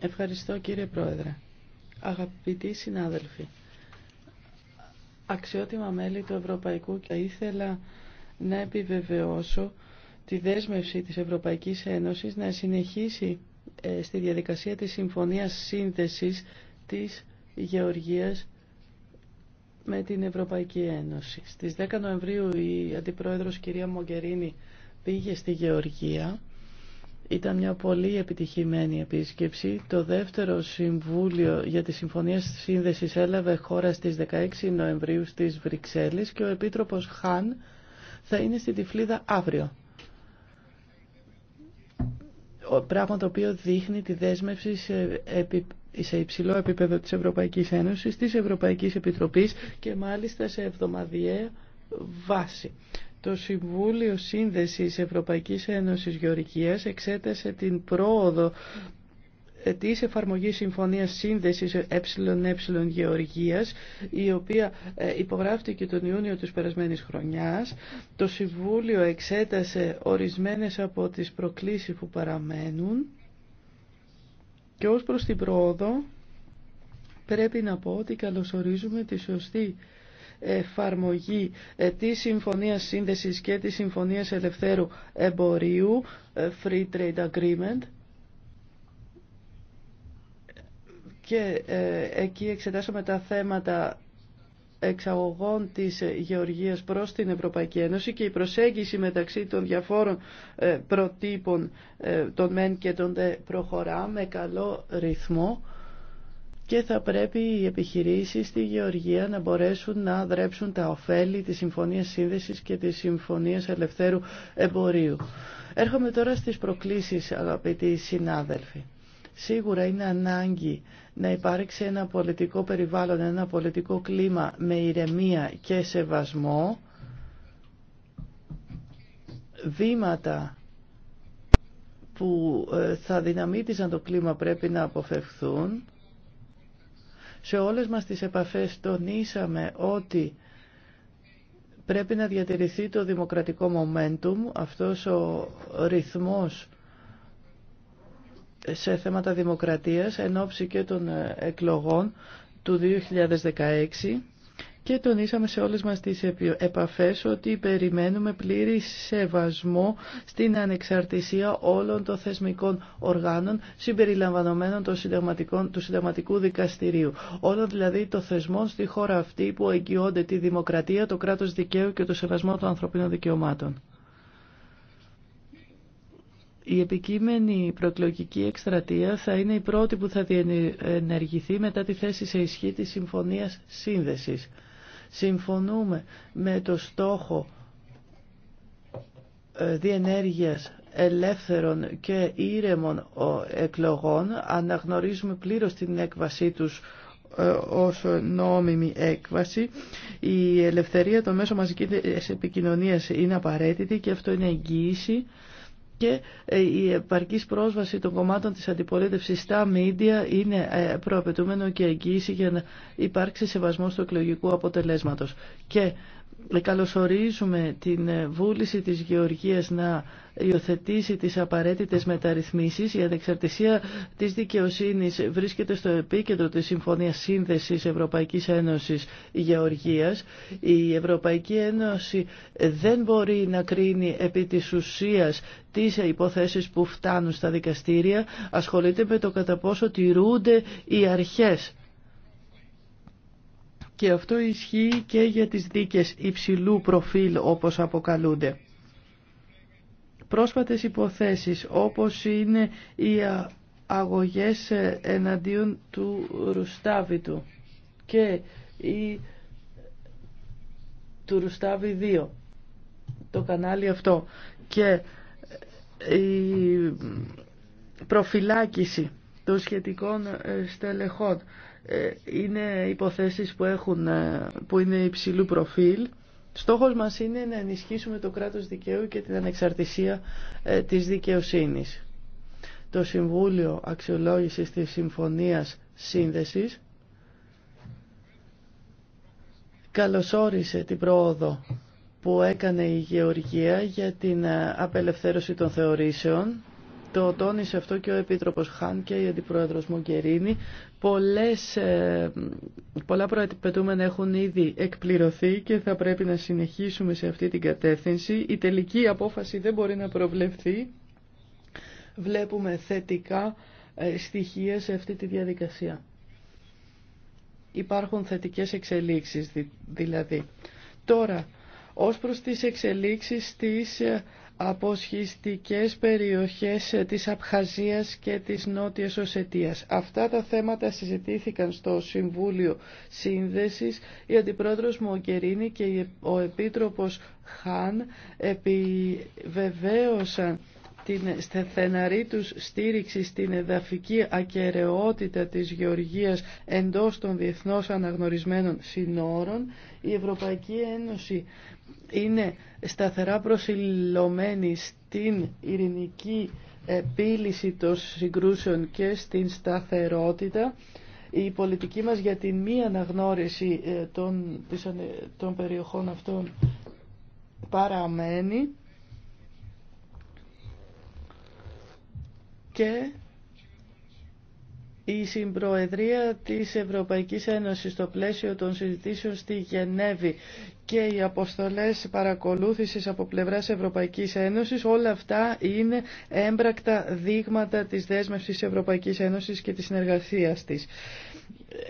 Ευχαριστώ κύριε Πρόεδρε. Αγαπητοί συνάδελφοι, αξιότιμα μέλη του Ευρωπαϊκού και ήθελα να επιβεβαιώσω τη δέσμευση της Ευρωπαϊκής Ένωσης να συνεχίσει ε, στη διαδικασία της Συμφωνίας σύνθεσης της Γεωργίας με την Ευρωπαϊκή Ένωση. Στις 10 Νοεμβρίου η Αντιπρόεδρος κυρία Μογκερίνη πήγε στη Γεωργία. Ήταν μια πολύ επιτυχημένη επίσκεψη. Το δεύτερο Συμβούλιο για τη Συμφωνία Σύνδεσης έλαβε χώρα στις 16 Νοεμβρίου στις Βρυξέλλες και ο Επίτροπος Χάν θα είναι στην Τυφλίδα αύριο. Πράγμα το οποίο δείχνει τη δέσμευση σε σε υψηλό επίπεδο της Ευρωπαϊκής Ένωσης, της Ευρωπαϊκής Επιτροπής και μάλιστα σε εβδομαδιαία βάση. Το Συμβούλιο Σύνδεσης Ευρωπαϊκής Ένωσης Γεωργίας εξέτασε την πρόοδο της εφαρμογής συμφωνίας σύνδεσης ΕΕ Γεωργίας, η οποία ε, υπογράφτηκε τον Ιούνιο τη περασμένης χρονιάς. Το Συμβούλιο εξέτασε ορισμένες από τι προκλήσει που παραμένουν και ως προς την πρόοδο πρέπει να πω ότι καλωσορίζουμε τη σωστή εφαρμογή ε, της Συμφωνίας Σύνδεσης και της Συμφωνίας Ελευθέρου Εμπορίου ε, Free Trade Agreement και ε, εκεί εξετάσαμε τα θέματα εξαγωγών της Γεωργίας προς την Ευρωπαϊκή Ένωση και η προσέγγιση μεταξύ των διαφόρων ε, προτύπων ε, των ΜΕΝ και των ΔΕ προχωρά με καλό ρυθμό και θα πρέπει οι επιχειρήσεις στη Γεωργία να μπορέσουν να δρέψουν τα ωφέλη της Συμφωνίας Σύνδεσης και της Συμφωνίας Ελευθέρου Εμπορίου. Έρχομαι τώρα στις προκλήσεις αγαπητοί συνάδελφοι. Σίγουρα είναι ανάγκη να υπάρξει ένα πολιτικό περιβάλλον, ένα πολιτικό κλίμα με ηρεμία και σεβασμό, βήματα που ε, θα δυναμίτιζαν το κλίμα πρέπει να αποφευχθούν. Σε όλες μας τις επαφές τονίσαμε ότι πρέπει να διατηρηθεί το δημοκρατικό momentum, αυτός ο ρυθμός σε θέματα δημοκρατίας εν ώψη και των ε, εκλογών του 2016 και τονίσαμε σε όλες μας τις επαφές ότι περιμένουμε πλήρη σεβασμό στην ανεξαρτησία όλων των θεσμικών οργάνων συμπεριλαμβανομένων του συνταγματικού δικαστηρίου. Όλων δηλαδή των θεσμών στη χώρα αυτή που εγγυώνται τη δημοκρατία, το κράτος δικαίου και το σεβασμό των ανθρωπίνων δικαιωμάτων. Η επικείμενη προεκλογική εκστρατεία θα είναι η πρώτη που θα διενεργηθεί μετά τη θέση σε ισχύ της Συμφωνίας Σύνδεσης. Συμφωνούμε με το στόχο ε, διενέργειας ελεύθερων και ήρεμων εκλογών. Αναγνωρίζουμε πλήρως την έκβασή τους ε, ως νόμιμη έκβαση. Η ελευθερία των μέσων μαζικής επικοινωνίας είναι απαραίτητη και αυτό είναι εγγύηση και ε, η επαρκής πρόσβαση των κομμάτων της αντιπολίτευσης στα μίντια είναι ε, προαπαιτούμενο και εγγύηση για να υπάρξει σεβασμός του εκλογικού αποτελέσματος. Και καλωσορίζουμε την ε, βούληση της Γεωργίας να υιοθετήσει τις απαραίτητες μεταρρυθμίσεις. Η ανεξαρτησία της δικαιοσύνης βρίσκεται στο επίκεντρο της Συμφωνίας Σύνδεσης Ευρωπαϊκής Ένωσης Γεωργίας. Η Ευρωπαϊκή Ένωση δεν μπορεί να κρίνει επί της ουσίας τις υποθέσεις που φτάνουν στα δικαστήρια. Ασχολείται με το κατά πόσο τηρούνται οι αρχές και αυτό ισχύει και για τις δίκες υψηλού προφίλ όπως αποκαλούνται. Πρόσφατες υποθέσεις όπως είναι οι αγωγές ε, εναντίον του Ρουστάβη του και η... του Ρουστάβη 2, το κανάλι αυτό και ε, η προφυλάκηση των σχετικών ε, στελεχών ε, είναι υποθέσεις που, έχουν, ε, που είναι υψηλού προφίλ. Στόχος μας είναι να ενισχύσουμε το κράτος δικαίου και την ανεξαρτησία ε, της δικαιοσύνης. Το Συμβούλιο Αξιολόγησης της Συμφωνίας Σύνδεσης καλωσόρισε την πρόοδο που έκανε η Γεωργία για την απελευθέρωση των θεωρήσεων το τόνισε αυτό και ο Επίτροπος Χάν και η Αντιπρόεδρος Μογκερίνη. Πολλές, ε, πολλά προαπαιτούμενα έχουν ήδη εκπληρωθεί και θα πρέπει να συνεχίσουμε σε αυτή την κατεύθυνση. Η τελική απόφαση δεν μπορεί να προβλεφθεί. Βλέπουμε θετικά ε, στοιχεία σε αυτή τη διαδικασία. Υπάρχουν θετικές εξελίξεις δηλαδή. Τώρα, ως προς τις εξελίξεις της ε, αποσχιστικές περιοχές της Απχαζίας και της Νότιας Οσετίας. Αυτά τα θέματα συζητήθηκαν στο Συμβούλιο Σύνδεσης. Η Αντιπρόεδρος Μογκερίνη και ο Επίτροπος Χάν επιβεβαίωσαν την στεθεναρή τους στήριξη στην εδαφική ακαιρεότητα της Γεωργίας εντός των διεθνώς αναγνωρισμένων συνόρων, η Ευρωπαϊκή Ένωση είναι σταθερά προσιλωμένη στην ειρηνική επίλυση των συγκρούσεων και στην σταθερότητα. Η πολιτική μας για την μη αναγνώριση ε, των, των περιοχών αυτών παραμένει και η συμπροεδρία της Ευρωπαϊκής Ένωσης στο πλαίσιο των συζητήσεων στη Γενέβη και οι αποστολές παρακολούθησης από πλευράς Ευρωπαϊκής Ένωσης, όλα αυτά είναι έμπρακτα δείγματα της δέσμευσης Ευρωπαϊκής Ένωσης και της συνεργασίας της.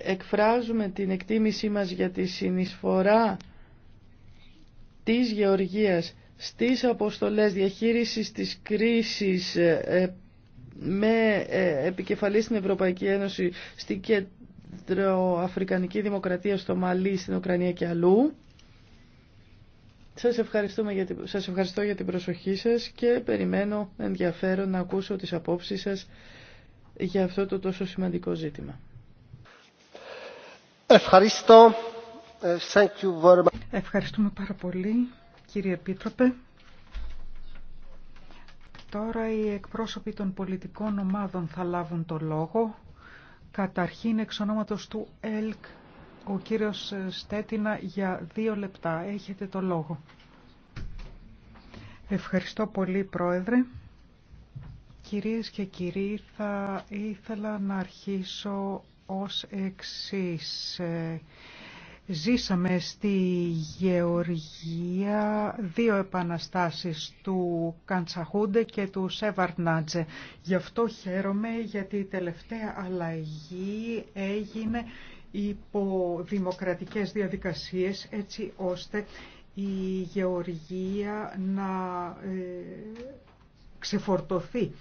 Εκφράζουμε την εκτίμησή μας για τη συνεισφορά της γεωργίας στις αποστολές διαχείρισης της κρίσης ε, με ε, επικεφαλή στην Ευρωπαϊκή Ένωση, στην Κεντροαφρικανική Δημοκρατία, στο Μαλί, στην Ουκρανία και αλλού. Σας, ευχαριστούμε σας ευχαριστώ για την προσοχή σας και περιμένω ενδιαφέρον να ακούσω τις απόψεις σας για αυτό το τόσο σημαντικό ζήτημα. Ευχαριστώ. Ε, thank Ευχαριστούμε πάρα πολύ, κύριε Επίτροπε. Τώρα οι εκπρόσωποι των πολιτικών ομάδων θα λάβουν το λόγο. Καταρχήν εξ του ΕΛΚ ο κύριος Στέτινα για δύο λεπτά. Έχετε το λόγο. Ευχαριστώ πολύ Πρόεδρε. Κυρίες και κύριοι, θα ήθελα να αρχίσω ως εξής. Ζήσαμε στη Γεωργία δύο επαναστάσεις του Καντσαχούντε και του Σεβαρνάτζε. Γι' αυτό χαίρομαι γιατί η τελευταία αλλαγή έγινε υπό δημοκρατικές διαδικασίες έτσι ώστε η γεωργία να ε, ξεφορτωθεί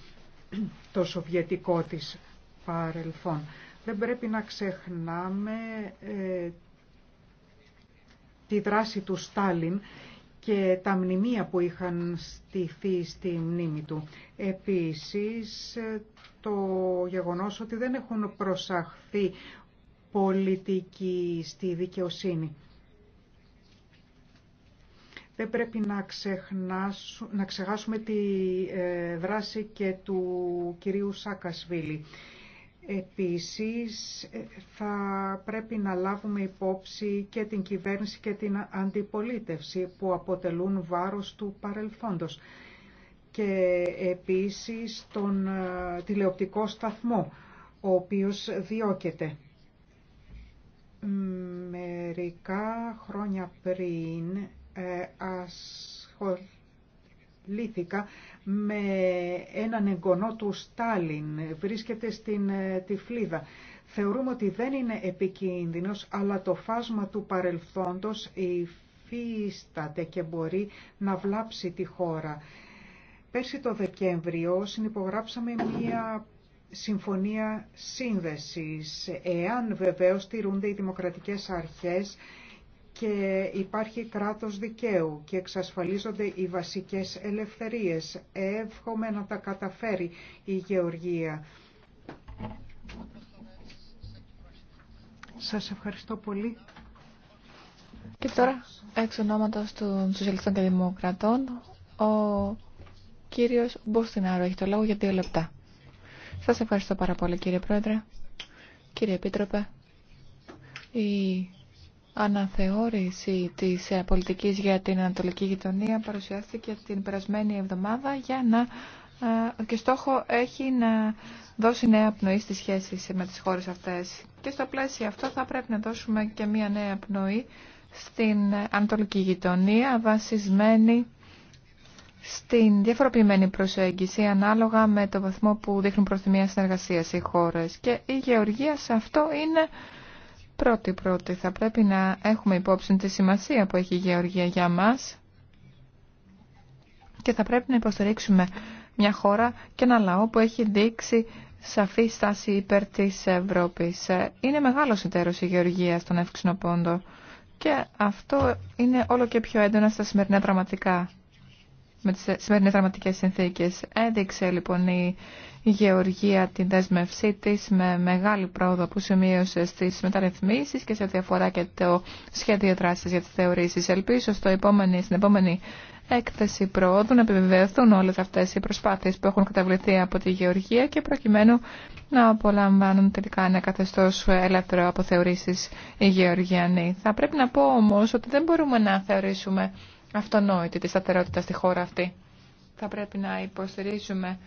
το σοβιετικό της παρελθόν. Δεν πρέπει να ξεχνάμε ε, τη δράση του Στάλιν και τα μνημεία που είχαν στηθεί στη μνήμη του. Επίσης, ε, το γεγονός ότι δεν έχουν προσαχθεί πολιτική στη δικαιοσύνη. Δεν πρέπει να, να ξεχάσουμε τη ε, δράση και του κυρίου Σάκασβίλη. Επίσης ε, θα πρέπει να λάβουμε υπόψη και την κυβέρνηση και την αντιπολίτευση που αποτελούν βάρος του παρελθόντος και επίσης τον ε, τηλεοπτικό σταθμό ο οποίος διώκεται. Μερικά χρόνια πριν ε, ασχολήθηκα με έναν εγγονό του Στάλιν. Βρίσκεται στην ε, Τυφλίδα. Θεωρούμε ότι δεν είναι επικίνδυνος, αλλά το φάσμα του παρελθόντος υφίσταται και μπορεί να βλάψει τη χώρα. Πέρσι το Δεκέμβριο συνυπογράψαμε μία συμφωνία σύνδεσης, εάν βεβαίως τηρούνται οι δημοκρατικές αρχές και υπάρχει κράτος δικαίου και εξασφαλίζονται οι βασικές ελευθερίες. Εύχομαι να τα καταφέρει η Γεωργία. Σας ευχαριστώ πολύ. Και τώρα, εξ ονόματος των Σοσιαλιστών και Δημοκρατών, ο κύριος Μποστινάρο έχει το λόγο για δύο λεπτά. Σας ευχαριστώ πάρα πολύ κύριε Πρόεδρε, κύριε Επίτροπε. Η αναθεώρηση της ε, πολιτικής για την Ανατολική Γειτονία παρουσιάστηκε την περασμένη εβδομάδα για να ε, και στόχο έχει να δώσει νέα πνοή στις σχέσεις με τις χώρες αυτές. Και στο πλαίσιο αυτό θα πρέπει να δώσουμε και μία νέα πνοή στην Ανατολική Γειτονία βασισμένη στην διαφοροποιημένη προσέγγιση ανάλογα με το βαθμό που δείχνουν προς τη μία συνεργασία οι χώρες. Και η γεωργία σε αυτό είναι πρώτη-πρώτη. Θα πρέπει να έχουμε υπόψη τη σημασία που έχει η γεωργία για μας και θα πρέπει να υποστηρίξουμε μια χώρα και ένα λαό που έχει δείξει σαφή στάση υπέρ της Ευρώπης. Είναι μεγάλο εταίρος η γεωργία στον Εύξηνο Πόντο και αυτό είναι όλο και πιο έντονα στα σημερινά δραματικά με τις σημερινές δραματικές συνθήκες. Έδειξε λοιπόν η Γεωργία την δέσμευσή της με μεγάλη πρόοδο που σημείωσε στις μεταρρυθμίσεις και σε ό,τι αφορά και το σχέδιο δράσης για τις θεωρήσεις. Ελπίζω στο επόμενη, στην επόμενη έκθεση προόδου να επιβεβαιωθούν όλες αυτές οι προσπάθειες που έχουν καταβληθεί από τη Γεωργία και προκειμένου να απολαμβάνουν τελικά ένα καθεστώς ελεύθερο από θεωρήσεις οι Γεωργιανοί. Θα πρέπει να πω όμως ότι δεν μπορούμε να θεωρήσουμε αυτονόητη τη σταθερότητα στη χώρα αυτή. Θα πρέπει να υποστηρίζουμε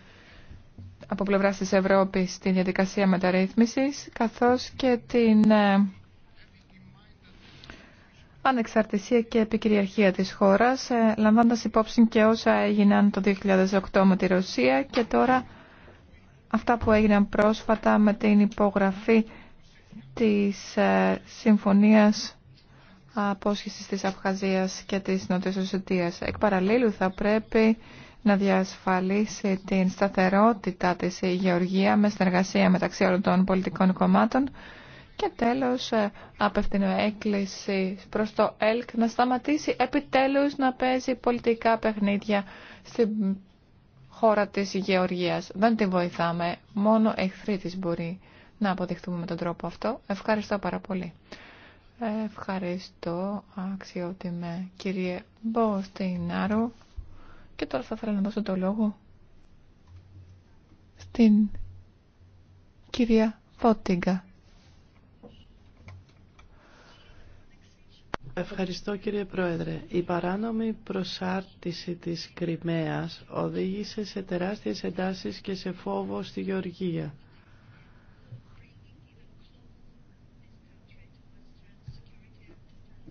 από πλευρά της Ευρώπης την διαδικασία μεταρρύθμισης, καθώς και την ε, ανεξαρτησία και επικυριαρχία της χώρας, ε, λαμβάνοντας υπόψη και όσα έγιναν το 2008 με τη Ρωσία και τώρα αυτά που έγιναν πρόσφατα με την υπογραφή της ε, συμφωνίας απόσχεσης της Αφχαζίας και της Νότιας Εκ θα πρέπει να διασφαλίσει την σταθερότητα της η Γεωργία με συνεργασία μεταξύ όλων των πολιτικών κομμάτων και τέλος ε, απευθύνω έκκληση προς το ΕΛΚ να σταματήσει επιτέλους να παίζει πολιτικά παιχνίδια στην χώρα της Γεωργίας. Δεν την βοηθάμε, μόνο εχθροί της μπορεί να αποδειχτούμε με τον τρόπο αυτό. Ευχαριστώ πάρα πολύ. Ευχαριστώ, αξιότιμε κύριε μπόστεινάρου Και τώρα θα ήθελα να δώσω το λόγο στην κυρία Φώτιγκα. Ευχαριστώ κύριε Πρόεδρε. Η παράνομη προσάρτηση της Κρυμαίας οδήγησε σε τεράστιες εντάσεις και σε φόβο στη Γεωργία.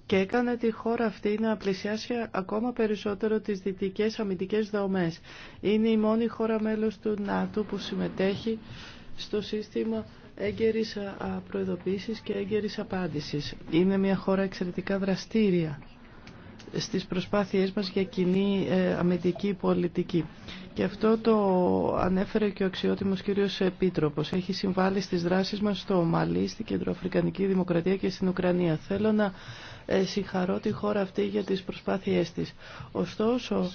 και έκανε τη χώρα αυτή να πλησιάσει ακόμα περισσότερο τις δυτικές αμυντικές δομές. Είναι η μόνη χώρα μέλος του ΝΑΤΟ που συμμετέχει στο σύστημα έγκαιρης προειδοποίησης και έγκαιρης απάντησης. Είναι μια χώρα εξαιρετικά δραστήρια στις προσπάθειές μας για κοινή ε, αμυντική πολιτική. Και αυτό το ανέφερε και ο αξιότιμος κύριος Επίτροπος. Έχει συμβάλει στις δράσεις μας στο Μαλί, στην Κεντροαφρικανική Δημοκρατία και στην Ουκρανία. Θέλω να ε, συγχαρώ τη χώρα αυτή για τις προσπάθειές της. Ωστόσο,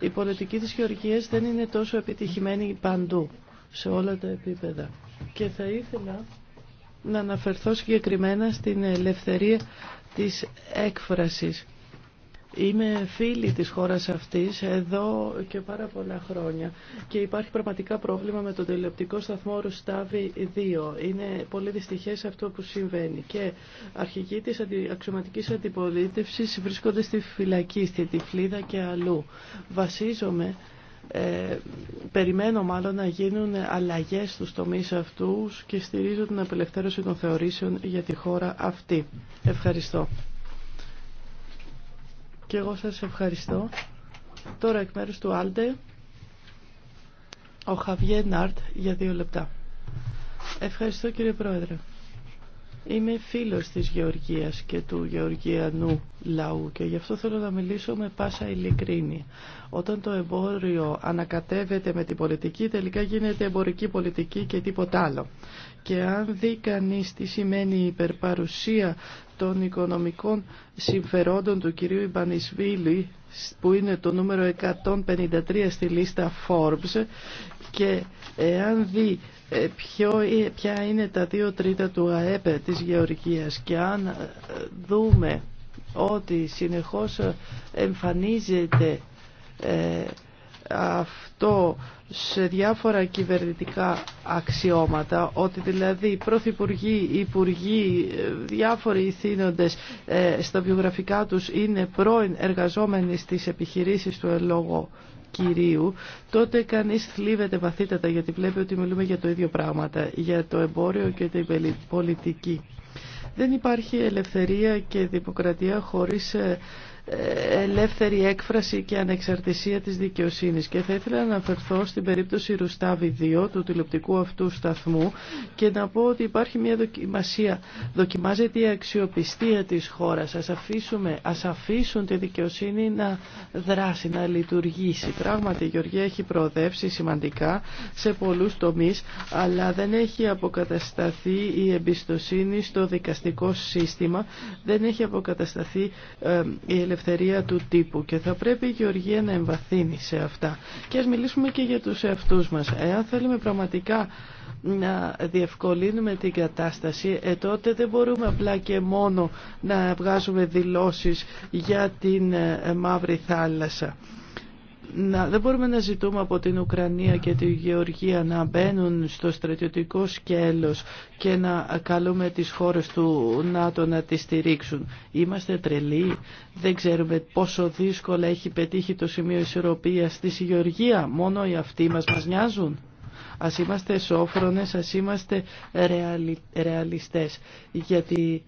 η πολιτική της Γεωργίας δεν είναι τόσο επιτυχημένη παντού, σε όλα τα επίπεδα. Και θα ήθελα να αναφερθώ συγκεκριμένα στην ελευθερία της έκφρασης Είμαι φίλη της χώρας αυτής εδώ και πάρα πολλά χρόνια και υπάρχει πραγματικά πρόβλημα με τον τηλεοπτικό σταθμό Ρουστάβη 2. Είναι πολύ δυστυχές αυτό που συμβαίνει και αρχηγοί της αξιωματικής αντιπολίτευσης βρίσκονται στη φυλακή, στη Τυφλίδα και αλλού. Βασίζομαι ε, περιμένω μάλλον να γίνουν αλλαγές στους τομείς αυτούς και στηρίζω την απελευθέρωση των θεωρήσεων για τη χώρα αυτή. Ευχαριστώ. Και εγώ σας ευχαριστώ. Τώρα εκ μέρους του Άλτε ο Χαβιέ Νάρτ για δύο λεπτά. Ευχαριστώ κύριε Πρόεδρε. Είμαι φίλος της Γεωργίας και του γεωργιανού λαού και γι' αυτό θέλω να μιλήσω με πάσα ειλικρίνη. Όταν το εμπόριο ανακατεύεται με την πολιτική, τελικά γίνεται εμπορική πολιτική και τίποτα άλλο. Και αν δει κανεί τι σημαίνει η υπερπαρουσία των οικονομικών συμφερόντων του κυρίου Ιμπανισβίλη, που είναι το νούμερο 153 στη λίστα Forbes, και εάν δει ε, ποιο, ε, ποια είναι τα δύο τρίτα του ΑΕΠ της Γεωργίας και αν ε, δούμε ότι συνεχώς εμφανίζεται αυτό σε διάφορα κυβερνητικά αξιώματα ότι δηλαδή πρωθυπουργοί, υπουργοί, διάφοροι ηθήνοντες στα βιογραφικά τους είναι πρώην εργαζόμενοι στις επιχειρήσεις του ελόγου κυρίου, τότε κανείς θλίβεται βαθύτατα γιατί βλέπει ότι μιλούμε για το ίδιο πράγματα, για το εμπόριο και την πολιτική. Δεν υπάρχει ελευθερία και δημοκρατία χωρίς ε, ελεύθερη έκφραση και ανεξαρτησία της δικαιοσύνης και θα ήθελα να αναφερθώ στην περίπτωση Ρουστάβη 2 του τηλεοπτικού αυτού σταθμού και να πω ότι υπάρχει μια δοκιμασία δοκιμάζεται η αξιοπιστία της χώρας ας, αφήσουμε, ας αφήσουν τη δικαιοσύνη να δράσει, να λειτουργήσει πράγματι η Γεωργία έχει προοδεύσει σημαντικά σε πολλούς τομείς αλλά δεν έχει αποκατασταθεί η εμπιστοσύνη στο δικαστικό σύστημα δεν έχει αποκατασταθεί ε, η ελευθερία του τύπου και θα πρέπει η Γεωργία να εμβαθύνει σε αυτά. Και ας μιλήσουμε και για τους εαυτούς μας. Εάν θέλουμε πραγματικά να διευκολύνουμε την κατάσταση, ε, τότε δεν μπορούμε απλά και μόνο να βγάζουμε δηλώσεις για την ε, Μαύρη Θάλασσα να, δεν μπορούμε να ζητούμε από την Ουκρανία και τη Γεωργία να μπαίνουν στο στρατιωτικό σκέλος και να καλούμε τις χώρες του ΝΑΤΟ να τις στηρίξουν. Είμαστε τρελοί, δεν ξέρουμε πόσο δύσκολα έχει πετύχει το σημείο ισορροπίας στη Γεωργία. Μόνο οι αυτοί μας μας νοιάζουν. Ας είμαστε σόφρονες, ας είμαστε ρεαλιστές. Γιατί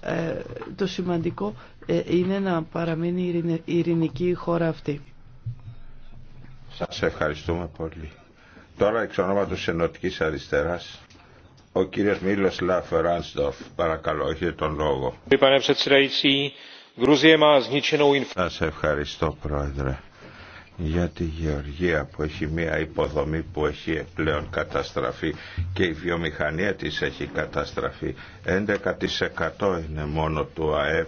ε, το σημαντικό ε, είναι να παραμείνει η ειρηνική χώρα αυτή. Σας ευχαριστούμε πολύ. Τώρα εξ ονόματος Ενωτικής Αριστεράς, ο κύριος Μίλος Λαφ Ράνστοφ, παρακαλώ, έχετε τον λόγο. Σας ευχαριστώ, Πρόεδρε για τη γεωργία που έχει μια υποδομή που έχει πλέον καταστραφεί και η βιομηχανία της έχει καταστραφεί. 11% είναι μόνο του ΑΕΠ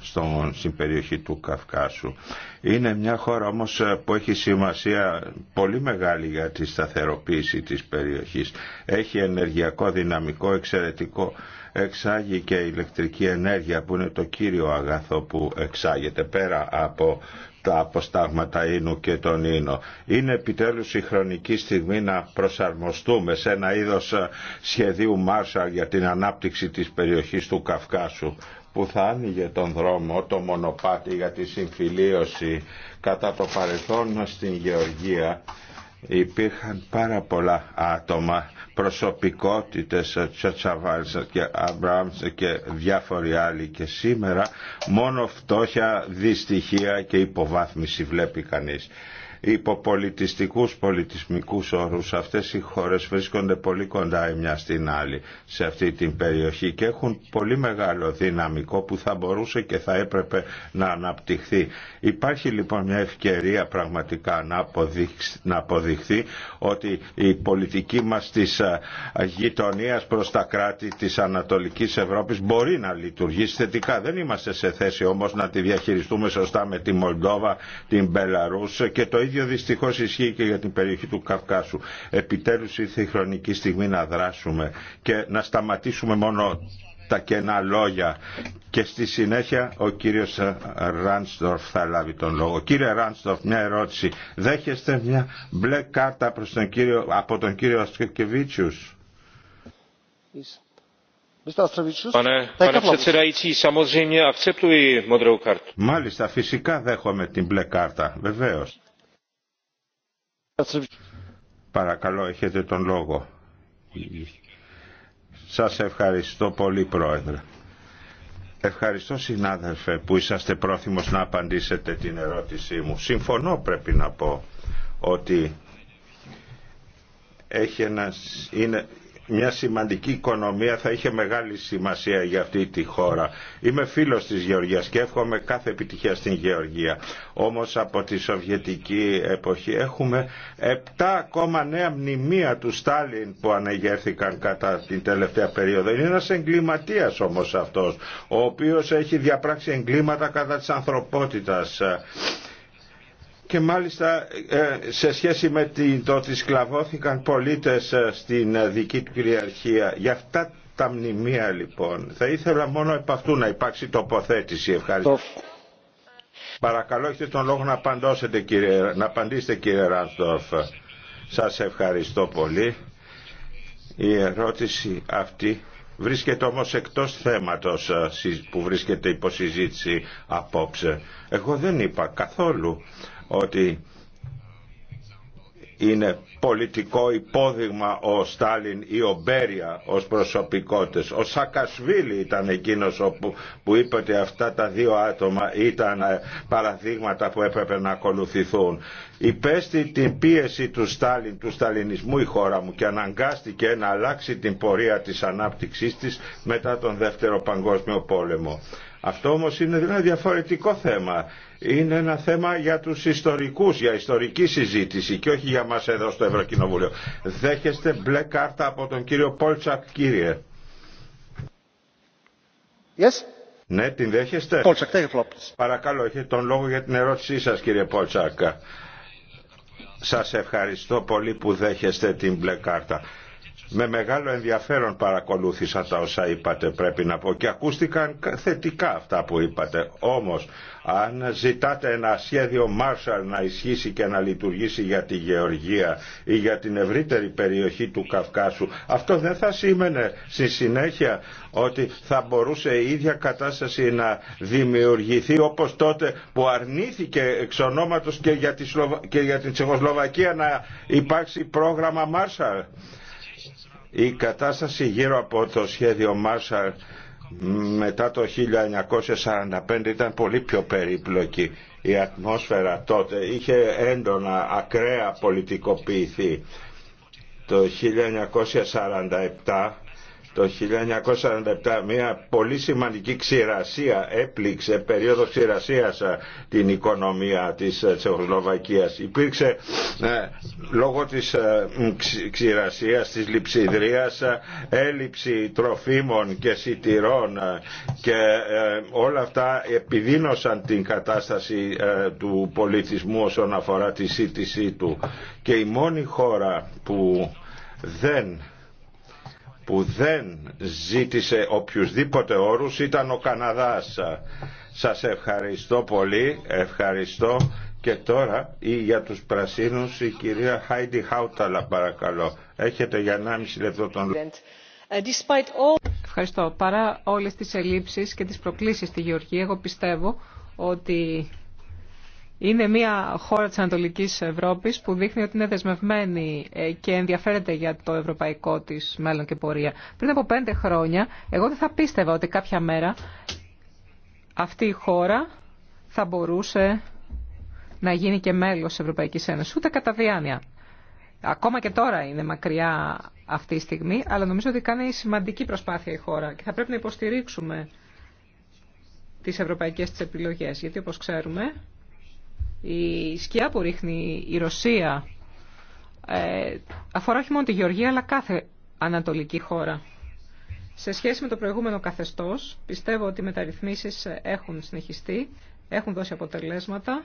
στον, στην περιοχή του Καυκάσου. Είναι μια χώρα όμως που έχει σημασία πολύ μεγάλη για τη σταθεροποίηση της περιοχής. Έχει ενεργειακό δυναμικό εξαιρετικό εξάγει και ηλεκτρική ενέργεια που είναι το κύριο αγαθό που εξάγεται πέρα από τα αποστάγματα ίνου και τον ίνο. Είναι επιτέλους η χρονική στιγμή να προσαρμοστούμε σε ένα είδος ε, σχεδίου Μάρσα για την ανάπτυξη της περιοχής του Καυκάσου που θα άνοιγε τον δρόμο, το μονοπάτι για τη συμφιλίωση κατά το παρελθόν στην Γεωργία υπήρχαν πάρα πολλά άτομα, προσωπικότητες Τσοτσαβάλς και Αμπράμς και διάφοροι άλλοι και σήμερα μόνο φτώχεια, δυστυχία και υποβάθμιση βλέπει κανείς. Υπό πολιτιστικού πολιτισμικούς όρους αυτές οι χώρες βρίσκονται πολύ κοντά η μια στην άλλη σε αυτή την περιοχή και έχουν πολύ μεγάλο δυναμικό που θα μπορούσε και θα έπρεπε να αναπτυχθεί. Υπάρχει λοιπόν μια ευκαιρία πραγματικά να αποδειχθεί, να αποδειχθεί ότι η πολιτική μας της γειτονία προς τα κράτη της Ανατολικής Ευρώπης μπορεί να λειτουργήσει θετικά. Δεν είμαστε σε θέση όμως να τη διαχειριστούμε σωστά με τη Μολντόβα, την Μπελαρούς και το ίδιο ίδιο δυστυχώ ισχύει και για την περιοχή του Καυκάσου. Επιτέλου ήρθε η χρονική στιγμή να δράσουμε και να σταματήσουμε μόνο τα κενά λόγια. Και στη συνέχεια ο κύριος Ράνστορφ θα λάβει τον λόγο. Κύριε Ράνστορφ, μια ερώτηση. Δέχεστε μια μπλε κάρτα προς τον κύριο, από τον κύριο Αστροκεβίτσιους. Μάλιστα, φυσικά δέχομαι την μπλε κάρτα, βεβαίως. Παρακαλώ, έχετε τον λόγο. Σας ευχαριστώ πολύ, Πρόεδρε. Ευχαριστώ συνάδελφε που είσαστε πρόθυμος να απαντήσετε την ερώτησή μου. Συμφωνώ πρέπει να πω ότι έχει ένα, είναι, μια σημαντική οικονομία θα είχε μεγάλη σημασία για αυτή τη χώρα. Είμαι φίλος της Γεωργίας και εύχομαι κάθε επιτυχία στην Γεωργία. Όμως από τη Σοβιετική εποχή έχουμε 7 ακόμα νέα μνημεία του Στάλιν που ανεγέρθηκαν κατά την τελευταία περίοδο. Είναι ένας εγκληματίας όμως αυτός, ο οποίος έχει διαπράξει εγκλήματα κατά της ανθρωπότητας και μάλιστα ε, σε σχέση με το ότι σκλαβώθηκαν πολίτες ε, στην ε, δική του κυριαρχία. Για αυτά τα μνημεία λοιπόν θα ήθελα μόνο επ' αυτού να υπάρξει τοποθέτηση. Ευχαριστώ. Παρακαλώ έχετε τον λόγο να, απαντώσετε, να απαντήσετε κύριε Ράνστορφ. Σας ευχαριστώ πολύ. Η ερώτηση αυτή βρίσκεται όμως εκτός θέματος που βρίσκεται υπό απόψε. Εγώ δεν είπα καθόλου ότι είναι πολιτικό υπόδειγμα ο Στάλιν ή ο Μπέρια ως προσωπικότητες. Ο Σακασβίλη ήταν εκείνος όπου, που είπε ότι αυτά τα δύο άτομα ήταν ε, παραδείγματα που έπρεπε να ακολουθηθούν. Υπέστη την πίεση του Στάλιν, του σταλινισμού η χώρα μου και αναγκάστηκε να αλλάξει την πορεία της ανάπτυξής της μετά τον Δεύτερο Παγκόσμιο Πόλεμο. Αυτό όμως είναι ένα δηλαδή διαφορετικό θέμα είναι ένα θέμα για τους ιστορικούς, για ιστορική συζήτηση και όχι για μας εδώ στο Ευρωκοινοβούλιο. Δέχεστε μπλε κάρτα από τον κύριο Πόλτσακ, κύριε. Yes. Ναι, την δέχεστε. Πόλτσακ, Παρακαλώ, έχετε τον λόγο για την ερώτησή σας, κύριε Πόλτσακ. Σας ευχαριστώ πολύ που δέχεστε την μπλε κάρτα με μεγάλο ενδιαφέρον παρακολούθησα τα όσα είπατε πρέπει να πω και ακούστηκαν θετικά αυτά που είπατε. Όμως αν ζητάτε ένα σχέδιο Marshall να ισχύσει και να λειτουργήσει για τη Γεωργία ή για την ευρύτερη περιοχή του Καυκάσου αυτό δεν θα σήμαινε στη συνέχεια ότι θα μπορούσε η ίδια κατάσταση να δημιουργηθεί όπως τότε που αρνήθηκε εξ ονόματος και για, και για την Τσεχοσλοβακία να υπάρξει πρόγραμμα Marshall. Η κατάσταση γύρω από το σχέδιο Μάρσαλ μετά το 1945 ήταν πολύ πιο περίπλοκη. Η ατμόσφαιρα τότε είχε έντονα ακραία πολιτικοποιηθεί. Το 1947 το 1947 μια πολύ σημαντική ξηρασία έπληξε, περίοδο ξηρασίας την οικονομία της ε, Τσεχοσλοβακίας. Υπήρξε ε, λόγω της ε, ξηρασίας, της λειψιδρίας, έλλειψη τροφίμων και σιτηρών και όλα αυτά επιδίνωσαν την κατάσταση του πολιτισμού όσον αφορά τη σύντησή του. Και η μόνη χώρα που δεν που δεν ζήτησε οποιουσδήποτε όρους ήταν ο Καναδάς. Σας ευχαριστώ πολύ, ευχαριστώ και τώρα ή για τους πρασίνους η κυρία Χάιντι Χάουταλα παρακαλώ. Έχετε για 1,5 λεπτό τον λόγο. Ε, ευχαριστώ. Παρά όλες τις ελλείψεις και τις προκλήσεις στη Γεωργία, εγώ πιστεύω ότι είναι μια χώρα της Ανατολικής Ευρώπης που δείχνει ότι είναι δεσμευμένη ε, και ενδιαφέρεται για το ευρωπαϊκό της μέλλον και πορεία. Πριν από πέντε χρόνια, εγώ δεν θα πίστευα ότι κάποια μέρα αυτή η χώρα θα μπορούσε να γίνει και μέλος της Ευρωπαϊκής Ένωσης, ούτε κατά διάνοια. Ακόμα και τώρα είναι μακριά αυτή η στιγμή, αλλά νομίζω ότι κάνει σημαντική προσπάθεια η χώρα και θα πρέπει να υποστηρίξουμε τις ευρωπαϊκές της επιλογές, γιατί όπως ξέρουμε η σκιά που ρίχνει η Ρωσία ε, αφορά όχι μόνο τη Γεωργία αλλά κάθε ανατολική χώρα. Σε σχέση με το προηγούμενο καθεστώς, πιστεύω ότι οι μεταρρυθμίσεις έχουν συνεχιστεί, έχουν δώσει αποτελέσματα.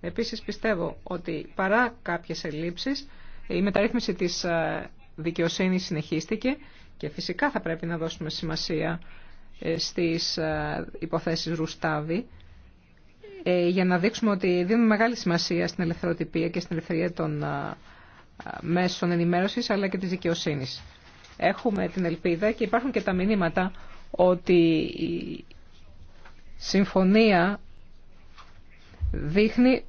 Επίσης πιστεύω ότι παρά κάποιες ελλείψεις, η μεταρρύθμιση της ε, δικαιοσύνης συνεχίστηκε και φυσικά θα πρέπει να δώσουμε σημασία ε, στις υποθέσεις Ρουστάβη. Ε, για να δείξουμε ότι δίνουμε μεγάλη σημασία στην ελευθεροτυπία και στην ελευθερία των μέσων ενημέρωσης αλλά και της δικαιοσύνης. Έχουμε την ελπίδα και υπάρχουν και τα μηνύματα ότι η συμφωνία δείχνει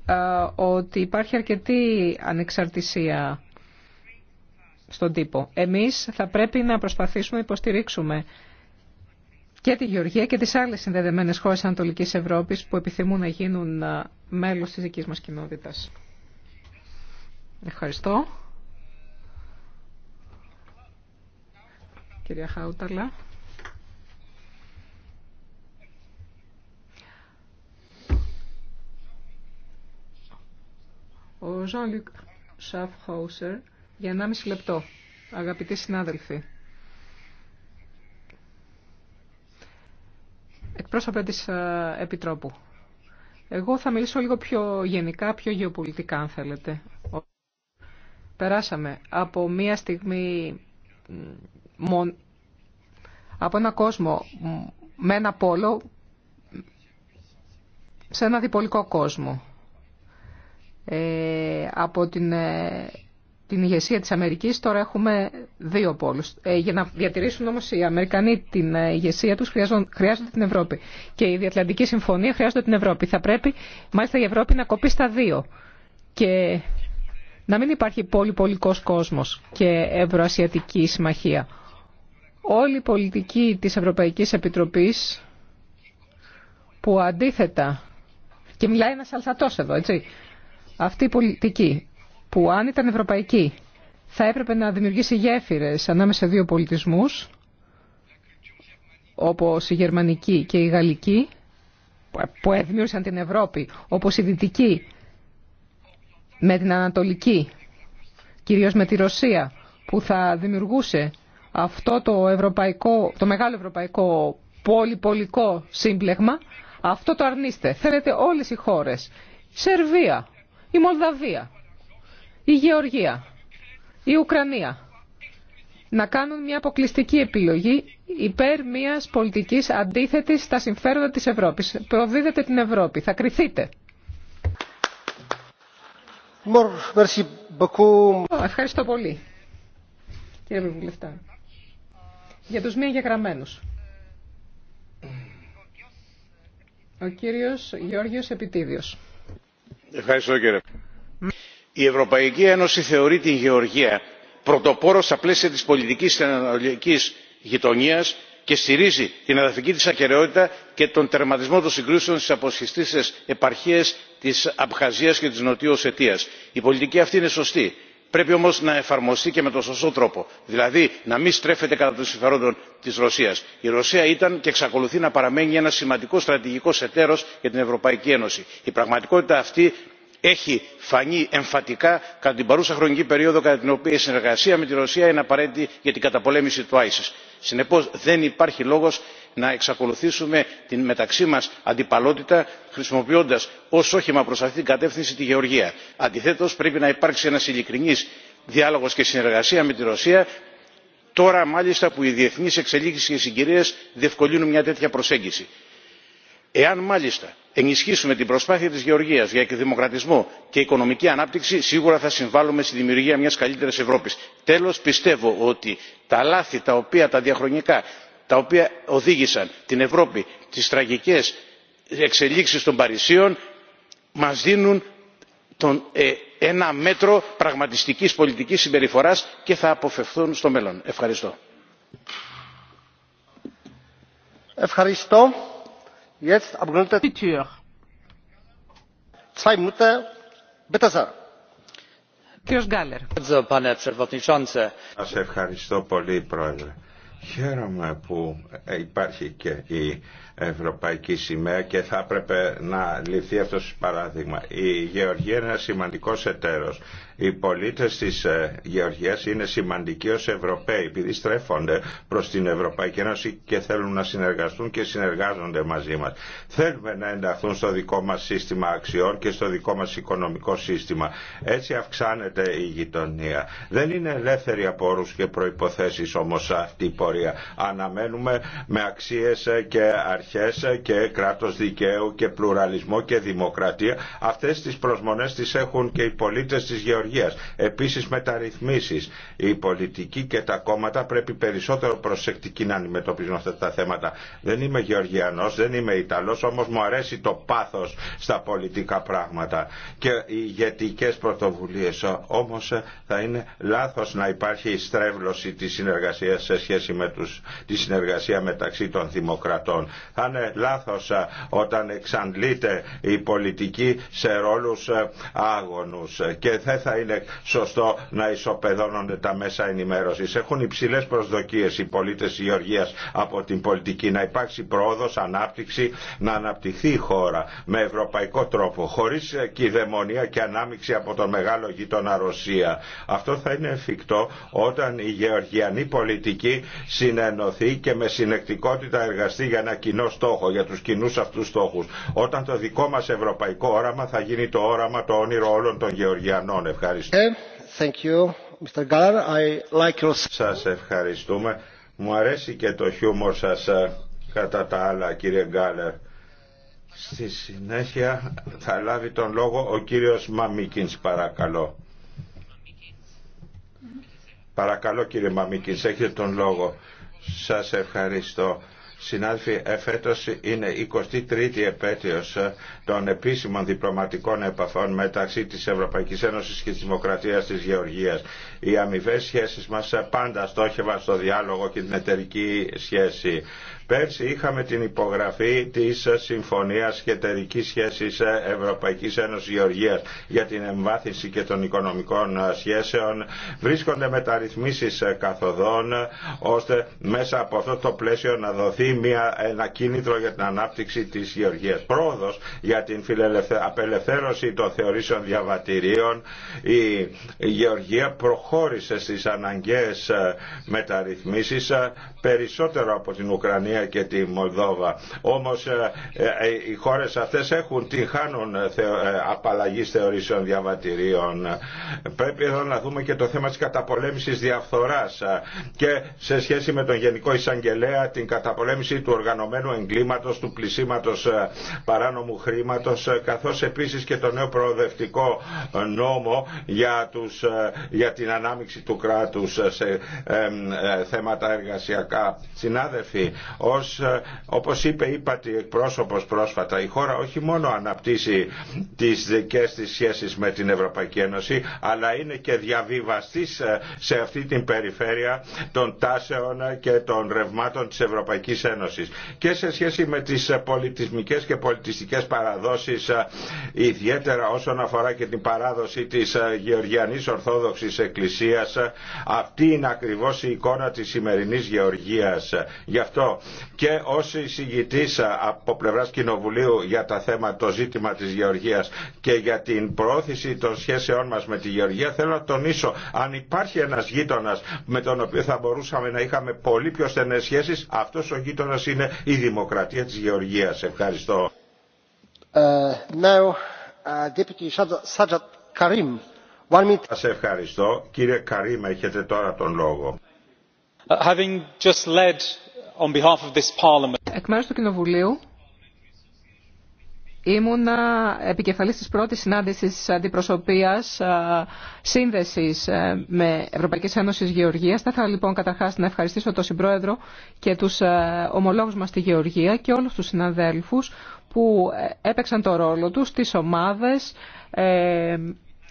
ότι υπάρχει αρκετή ανεξαρτησία στον τύπο. Εμείς θα πρέπει να προσπαθήσουμε να υποστηρίξουμε και τη Γεωργία και τις άλλες συνδεδεμένες χώρες Ανατολικής Ευρώπης που επιθυμούν να γίνουν ε, μέλος της δικής μας κοινότητας. Ευχαριστώ. Κυρία Χάουταλα. Ο jean Λούκ Schaffhauser για 1,5 λεπτό. Αγαπητοί συνάδελφοι. εκπρόσωπε της ε, Επιτρόπου. Εγώ θα μιλήσω λίγο πιο γενικά, πιο γεωπολιτικά αν θέλετε. Περάσαμε από μία στιγμή, από ένα κόσμο με ένα πόλο σε ένα διπολικό κόσμο. Ε, από την ε, την ηγεσία της Αμερικής, τώρα έχουμε δύο πόλους. Ε, για να διατηρήσουν όμως οι Αμερικανοί την ε, ηγεσία τους χρειάζονται την Ευρώπη. Και η Διατλαντική Συμφωνία χρειάζεται την Ευρώπη. Θα πρέπει μάλιστα η Ευρώπη να κοπεί στα δύο. Και να μην υπάρχει πολυπολικό κόσμος και ευρωασιατική συμμαχία. Όλη η πολιτική της Ευρωπαϊκής Επιτροπής που αντίθετα και μιλάει ένας αλθατός εδώ, έτσι. Αυτή η πολιτική που αν ήταν ευρωπαϊκή θα έπρεπε να δημιουργήσει γέφυρες ανάμεσα δύο πολιτισμούς, όπως η γερμανική και η γαλλική, που δημιούργησαν την Ευρώπη, όπως η δυτική με την ανατολική, κυρίως με τη Ρωσία, που θα δημιουργούσε αυτό το, ευρωπαϊκό, το μεγάλο ευρωπαϊκό πολυπολικό σύμπλεγμα, αυτό το αρνείστε. Θέλετε όλες οι χώρες. Σερβία, η Μολδαβία, η Γεωργία, η Ουκρανία να κάνουν μια αποκλειστική επιλογή υπέρ μιας πολιτικής αντίθετης στα συμφέροντα της Ευρώπης. Προδίδετε την Ευρώπη. Θα κριθείτε. Ευχαριστώ πολύ, κύριε Βουλευτά. Για τους μη εγγεγραμμένους. Ο κύριος Γεώργιος Επιτίδιος. Ευχαριστώ, κύριε η ευρωπαϊκή ένωση θεωρεί τη γεωργία πρωτοπόρο στα πλαίσια της πολιτικής της ανατολικής γειτονίας και στηρίζει την εδαφική της ακεραιότητα και τον τερματισμό των συγκρούσεων στις αποσχιστήσεις επαρχίες της Αμπχαζίας και της Νοτιού Οσετίας. η πολιτική αυτή είναι σωστή πρέπει όμως να εφαρμοστεί και με τον σωστό τρόπο δηλαδή να μην στρέφεται κατά των συμφερόντων της ρωσίας. η ρωσία ήταν και εξακολουθεί να παραμένει ένας σημαντικός στρατηγικός εταίρος για την ευρωπαϊκή ένωση. η πραγματικότητα αυτή έχει φανεί εμφατικά κατά την παρούσα χρονική περίοδο κατά την οποία η συνεργασία με τη ρωσία είναι απαραίτητη για την καταπολέμηση του isis. συνεπώς δεν υπάρχει λόγος να εξακολουθήσουμε την μεταξύ μας αντιπαλότητα χρησιμοποιώντας ως όχημα προς αυτήν την κατεύθυνση τη γεωργία. αντιθέτως πρέπει να υπάρξει ένας ειλικρινής διάλογος και συνεργασία με τη ρωσία τώρα μάλιστα που οι διεθνείς εξελίξεις και συγκυρίες διευκολύνουν μια τέτοια προσέγγιση. εάν μάλιστα ενισχύσουμε την προσπάθεια της γεωργίας για δημοκρατισμό και οικονομική ανάπτυξη σίγουρα θα συμβάλλουμε στη δημιουργία μιας καλύτερης ευρώπης. τέλος πιστεύω ότι τα λάθη τα οποία τα διαχρονικά τα οποία οδήγησαν την ευρώπη στις τραγικές εξελίξεις των παρισίων μας δίνουν ε, ένα μέτρο πραγματιστικής πολιτικής συμπεριφοράς και θα αποφευθούν στο μέλλον. ευχαριστώ. ευχαριστώ. Σας ευχαριστώ πολύ, Πρόεδρε. Χαίρομαι που υπάρχει και η ευρωπαϊκή σημαία και θα έπρεπε να λυθεί αυτό το παράδειγμα. Η Γεωργία είναι ένα σημαντικό εταίρο. Οι πολίτε τη ε, Γεωργία είναι σημαντικοί ω Ευρωπαίοι επειδή στρέφονται προ την Ευρωπαϊκή Ένωση και θέλουν να συνεργαστούν και συνεργάζονται μαζί μα. Θέλουμε να ενταχθούν στο δικό μα σύστημα αξιών και στο δικό μα οικονομικό σύστημα. Έτσι αυξάνεται η γειτονία. Δεν είναι ελεύθερη από όρου και προποθέσει όμω αυτή η πορεία. Αναμένουμε με αξίε ε, και αρχέ αρχές και κράτος δικαίου και πλουραλισμό και δημοκρατία. Αυτές τις προσμονές τις έχουν και οι πολίτες της Γεωργίας. Επίσης μεταρρυθμίσεις. Η πολιτική και τα κόμματα πρέπει περισσότερο προσεκτική να αντιμετωπίζουν αυτά τα θέματα. Δεν είμαι Γεωργιανός, δεν είμαι Ιταλός, όμως μου αρέσει το πάθος στα πολιτικά πράγματα και οι ηγετικές πρωτοβουλίες. Όμως θα είναι λάθος να υπάρχει η στρέβλωση της συνεργασίας σε σχέση με τους, τη συνεργασία μεταξύ των δημοκρατών θα είναι λάθος ε, όταν εξαντλείται η πολιτική σε ρόλους ε, άγωνους και δεν θα είναι σωστό να ισοπεδώνονται τα μέσα ενημέρωσης. Έχουν υψηλές προσδοκίες οι πολίτες της Γεωργίας από την πολιτική να υπάρξει πρόοδος, ανάπτυξη, να αναπτυχθεί η χώρα με ευρωπαϊκό τρόπο, χωρίς ε, κυδαιμονία και ανάμειξη από τον μεγάλο γείτονα Ρωσία. Αυτό θα είναι εφικτό όταν η γεωργιανή πολιτική συνενωθεί και με συνεκτικότητα εργαστεί για ένα κοινό κοινό στόχο, για τους κοινούς αυτούς στόχους. Όταν το δικό μας ευρωπαϊκό όραμα θα γίνει το όραμα, το όνειρο όλων των Γεωργιανών. Ευχαριστώ. Ε, thank you. Mr. I like your... Σας ευχαριστούμε. Μου αρέσει και το χιούμορ σας ε, κατά τα άλλα κύριε Γκάλερ. Στη συνέχεια θα λάβει τον λόγο ο κύριος Μαμίκινς παρακαλώ. Παρακαλώ κύριε Μαμίκινς έχετε τον λόγο. Σας ευχαριστώ συναδελφοι έφετο εφέτος είναι 23η επέτειος ε, των επίσημων διπλωματικών επαφών μεταξύ της Ευρωπαϊκής Ένωσης και της Δημοκρατίας της Γεωργίας. Οι αμοιβέ σχέσεις μας ε, πάντα στόχευαν στο διάλογο και την εταιρική σχέση. Πέρσι είχαμε την υπογραφή της Συμφωνίας και Σχέσης Ευρωπαϊκής Ένωσης Γεωργίας για την εμβάθυνση και των οικονομικών σχέσεων. Βρίσκονται μεταρρυθμίσεις καθοδών ώστε μέσα από αυτό το πλαίσιο να δοθεί μια, ένα κίνητρο για την ανάπτυξη της Γεωργίας. Πρόοδος για την απελευθέρωση των θεωρήσεων διαβατηρίων. Η Γεωργία προχώρησε στις αναγκαίες μεταρρυθμίσεις ε, περισσότερο από την Ουκρανία και τη Μολδόβα. Όμως ε, ε, οι χώρες αυτές έχουν την χάνουν ε, απαλλαγής θεωρήσεων διαβατηρίων. Πρέπει εδώ να δούμε και το θέμα της καταπολέμησης διαφθοράς και σε σχέση με τον Γενικό Εισαγγελέα την καταπολέμηση του οργανωμένου εγκλήματος, του πλησίματος παράνομου χρήματος καθώς επίσης και το νέο προοδευτικό νόμο για, τους, για την ανάμειξη του κράτους σε θέματα εργασιακά. Συνάδελφοι, ως, ε, όπως είπε είπατε εκπρόσωπος πρόσφατα, η χώρα όχι μόνο αναπτύσσει τις δικές της σχέσεις με την Ευρωπαϊκή Ένωση, αλλά είναι και διαβιβαστής ε, σε αυτή την περιφέρεια των τάσεων και των ρευμάτων της Ευρωπαϊκής Ένωσης. Και σε σχέση με τις πολιτισμικές και πολιτιστικές παραδόσεις, ε, ιδιαίτερα όσον αφορά και την παράδοση της Γεωργιανής Ορθόδοξης Εκκλησίας, αυτή είναι ακριβώς η εικόνα της σημερινής Γεωργίας. Γι' αυτό και ως εισηγητής από πλευράς Κοινοβουλίου για τα θέματα, το ζήτημα της Γεωργίας και για την προώθηση των σχέσεών μας με τη Γεωργία θέλω να τονίσω αν υπάρχει ένας γείτονας με τον οποίο θα μπορούσαμε να είχαμε πολύ πιο στενές σχέσεις αυτός ο γείτονας είναι η δημοκρατία της Γεωργίας. Ευχαριστώ. Ε, ε, Σας ευχαριστώ. Κύριε Καρίμ, έχετε τώρα τον λόγο. Uh, having just led Εκ μέρους του Κοινοβουλίου ήμουνα επικεφαλής της πρώτης συνάντησης αντιπροσωπείας σύνδεσης με Ευρωπαϊκή Ένωσης Γεωργίας. Θα ήθελα λοιπόν καταρχάς να ευχαριστήσω τον Συμπρόεδρο και τους ομολόγους μας στη Γεωργία και όλους τους συναδέλφους που ε, έπαιξαν το ρόλο τους, τις ομάδες, ε,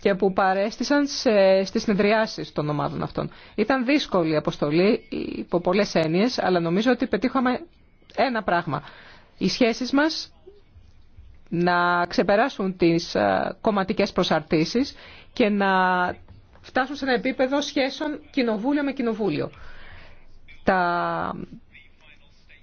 και που παρέστησαν σε, στις συνεδριάσεις των ομάδων αυτών. Ήταν δύσκολη η αποστολή υπό πολλές έννοιες, αλλά νομίζω ότι πετύχαμε ένα πράγμα. Οι σχέσεις μας να ξεπεράσουν τις ε, κομματικές προσαρτήσεις και να φτάσουν σε ένα επίπεδο σχέσεων κοινοβούλιο με κοινοβούλιο. Τα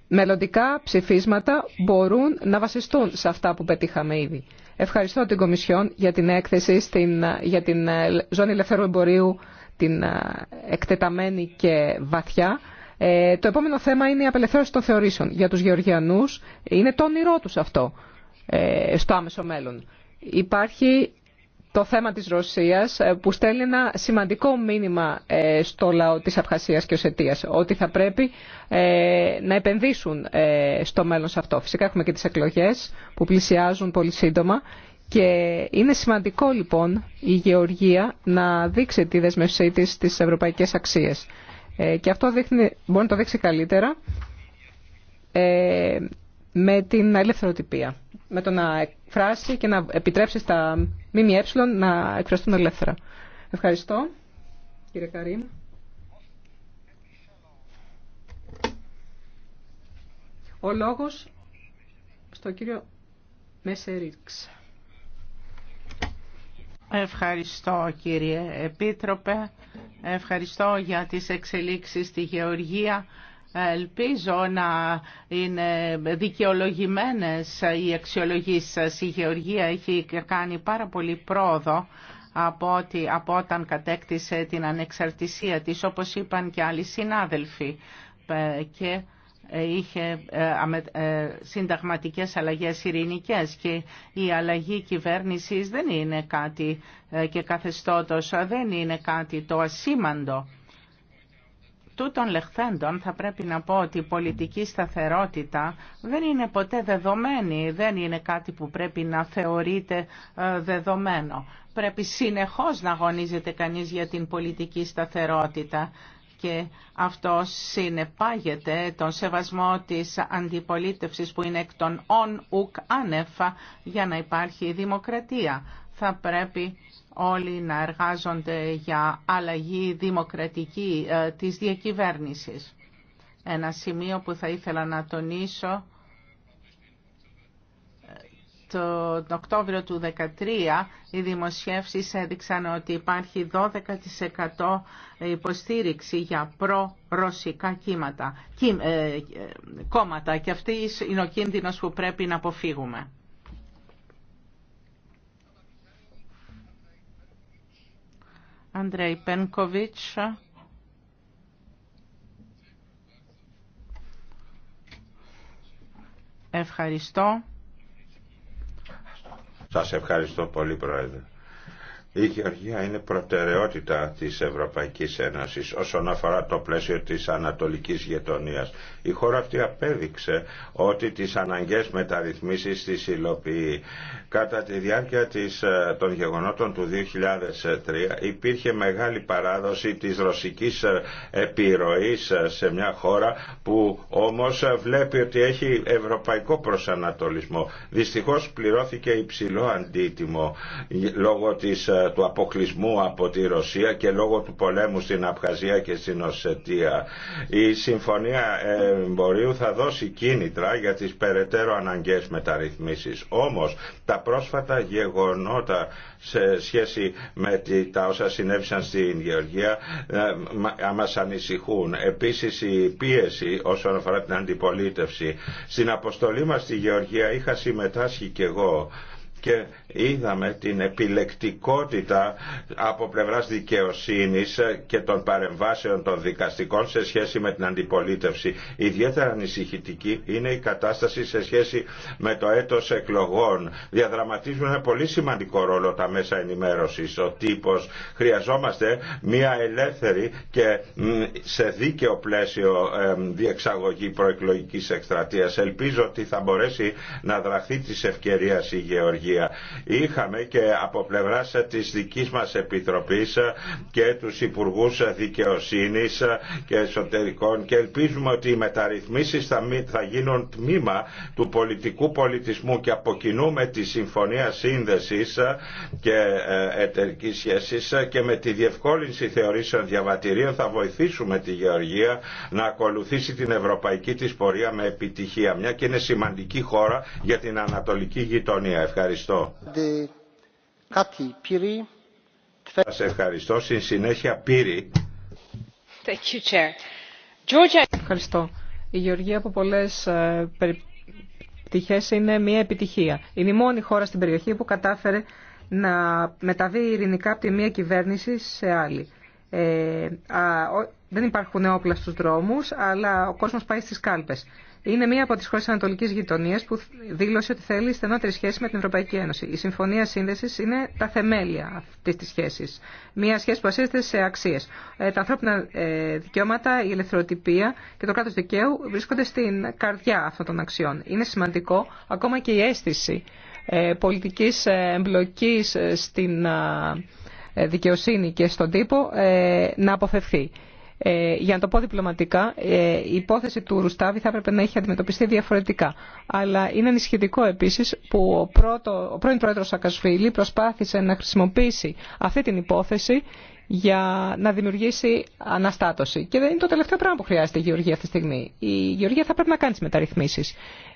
μελλοντικά ψηφίσματα μπορούν να βασιστούν σε αυτά που πετύχαμε ήδη. Ευχαριστώ την Κομισιόν για την έκθεση στην, για την ε, ζώνη ελευθερού εμπορίου, την ε, εκτεταμένη και βαθιά. Ε, το επόμενο θέμα είναι η απελευθέρωση των θεωρήσεων. Για τους Γεωργιανούς είναι το όνειρό τους αυτό στο άμεσο μέλλον. Υπάρχει το θέμα της Ρωσίας ε, που στέλνει ένα σημαντικό μήνυμα ε, στο λαό της Αυχασίας και Οσετίας ότι θα πρέπει ε, να επενδύσουν στο μέλλον σε αυτό. Φυσικά έχουμε και τις εκλογές που πλησιάζουν πολύ σύντομα και είναι σημαντικό λοιπόν η Γεωργία να δείξει τη δεσμευσή της στις ευρωπαϊκές αξίες. Και αυτό δείχνει, μπορεί να το δείξει καλύτερα με την ελευθεροτυπία με το να εκφράσει και να επιτρέψει στα ΜΜΕ να εκφραστούν ελεύθερα. Ευχαριστώ, κύριε καρίμ. Ο λόγος στο κύριο Μεσερίξ. Ευχαριστώ κύριε Επίτροπε. Ευχαριστώ για τις εξελίξεις στη Γεωργία. Ελπίζω να είναι δικαιολογημένες οι αξιολογήσεις σας. Η Γεωργία έχει κάνει πάρα πολύ πρόοδο από, από όταν κατέκτησε την ανεξαρτησία της, όπως είπαν και άλλοι συνάδελφοι. Ε, και ε, είχε ε, συνταγματικές αλλαγές ειρηνικές και η αλλαγή κυβέρνησης δεν είναι κάτι και καθεστώτος δεν είναι κάτι το ασήμαντο τούτων λεχθέντων θα πρέπει να πω ότι η πολιτική σταθερότητα δεν είναι ποτέ δεδομένη, δεν είναι κάτι που πρέπει να θεωρείται ε, δεδομένο. Πρέπει συνεχώς να αγωνίζεται κανείς για την πολιτική σταθερότητα και αυτό συνεπάγεται τον σεβασμό της αντιπολίτευσης που είναι εκ των ον ουκ άνεφα για να υπάρχει δημοκρατία. Θα πρέπει όλοι να εργάζονται για αλλαγή δημοκρατική ε, της διακυβέρνησης. Ένα σημείο που θα ήθελα να τονίσω ε, τον Οκτώβριο του 2013 οι δημοσιεύσεις έδειξαν ότι υπάρχει 12% υποστήριξη για προ-ρωσικά κύματα, ε, κόμματα και αυτή είναι ο κίνδυνος που πρέπει να αποφύγουμε. Andrej Penković. Ευχαριστώ. Σας ευχαριστώ πολύ Πρόεδρε. Η Γεωργία είναι προτεραιότητα της Ευρωπαϊκής Ένωσης όσον αφορά το πλαίσιο της ανατολικής Γετονίας. Η χώρα αυτή απέδειξε ότι τις αναγκές μεταρρυθμίσεις της υλοποιεί. Κατά τη διάρκεια της, ε, των γεγονότων του 2003 υπήρχε μεγάλη παράδοση της ρωσικής ε, επιρροής ε, σε μια χώρα που όμως βλέπει ότι έχει ευρωπαϊκό προσανατολισμό. Δυστυχώς πληρώθηκε υψηλό αντίτιμο λόγω της του αποκλεισμού από τη Ρωσία και λόγω του πολέμου στην Απχαζία και στην Οσετία. Η Συμφωνία Εμπορίου θα δώσει κίνητρα για τις περαιτέρω αναγκαίες μεταρρυθμίσεις. Όμως τα πρόσφατα γεγονότα σε σχέση με τα όσα συνέβησαν στην Γεωργία ε, μας ανησυχούν. Επίσης η πίεση όσον αφορά την αντιπολίτευση. Στην αποστολή μας στη Γεωργία είχα συμμετάσχει κι εγώ είδαμε την επιλεκτικότητα από πλευράς δικαιοσύνης και των παρεμβάσεων των δικαστικών σε σχέση με την αντιπολίτευση. Ιδιαίτερα ανησυχητική είναι η κατάσταση σε σχέση με το έτος εκλογών. Διαδραματίζουν ένα πολύ σημαντικό ρόλο τα μέσα ενημέρωσης, ο τύπος. Χρειαζόμαστε μια ελεύθερη και σε δίκαιο πλαίσιο διεξαγωγή προεκλογικής εκστρατείας. Ελπίζω ότι θα μπορέσει να δραχθεί της ευκαιρίας η Γεωργία Είχαμε και από πλευρά τη δική μα Επιτροπή και του Υπουργού Δικαιοσύνη και Εσωτερικών και ελπίζουμε ότι οι μεταρρυθμίσει θα γίνουν τμήμα του πολιτικού πολιτισμού και από τη Συμφωνία Σύνδεση και ε, εταιρική σχέση και με τη διευκόλυνση θεωρήσεων διαβατηρίων θα βοηθήσουμε τη Γεωργία να ακολουθήσει την ευρωπαϊκή της πορεία με επιτυχία, μια και είναι σημαντική χώρα για την ανατολική γειτονία. Ευχαριστώ. Σας ευχαριστώ. Στην συνέχεια Πύρη. Ευχαριστώ. Η Γεωργία από πολλέ ε, πτυχέ είναι μια επιτυχία. Είναι η μόνη χώρα στην περιοχή που κατάφερε να μεταβεί ειρηνικά από τη μία κυβέρνηση σε άλλη. Ε, δεν υπάρχουν όπλα στους δρόμους, αλλά ο κόσμος πάει στις κάλπες είναι μία από τι χώρε Ανατολική Γειτονία που δήλωσε ότι θέλει στενότερη σχέση με την Ευρωπαϊκή Ένωση. Η Συμφωνία Σύνδεση είναι τα θεμέλια αυτή τη σχέση. Μία σχέση που βασίζεται σε αξίε. Ε, τα ανθρώπινα ε, δικαιώματα, η ελευθεροτυπία και το κράτο δικαίου βρίσκονται στην καρδιά αυτών των αξιών. Είναι σημαντικό ακόμα και η αίσθηση ε, πολιτική εμπλοκή στην δικαιοσύνη και στον τύπο να αποφευθεί. Ε, για να το πω διπλωματικά, ε, η υπόθεση του Ρουστάβη θα έπρεπε να έχει αντιμετωπιστεί διαφορετικά. Αλλά είναι ανησυχητικό επίση που ο, πρώτο, ο πρώην πρόεδρο Σακασφίλη προσπάθησε να χρησιμοποιήσει αυτή την υπόθεση για να δημιουργήσει αναστάτωση. Και δεν είναι το τελευταίο πράγμα που χρειάζεται η Γεωργία αυτή τη στιγμή. Η Γεωργία θα πρέπει να κάνει τι μεταρρυθμίσει.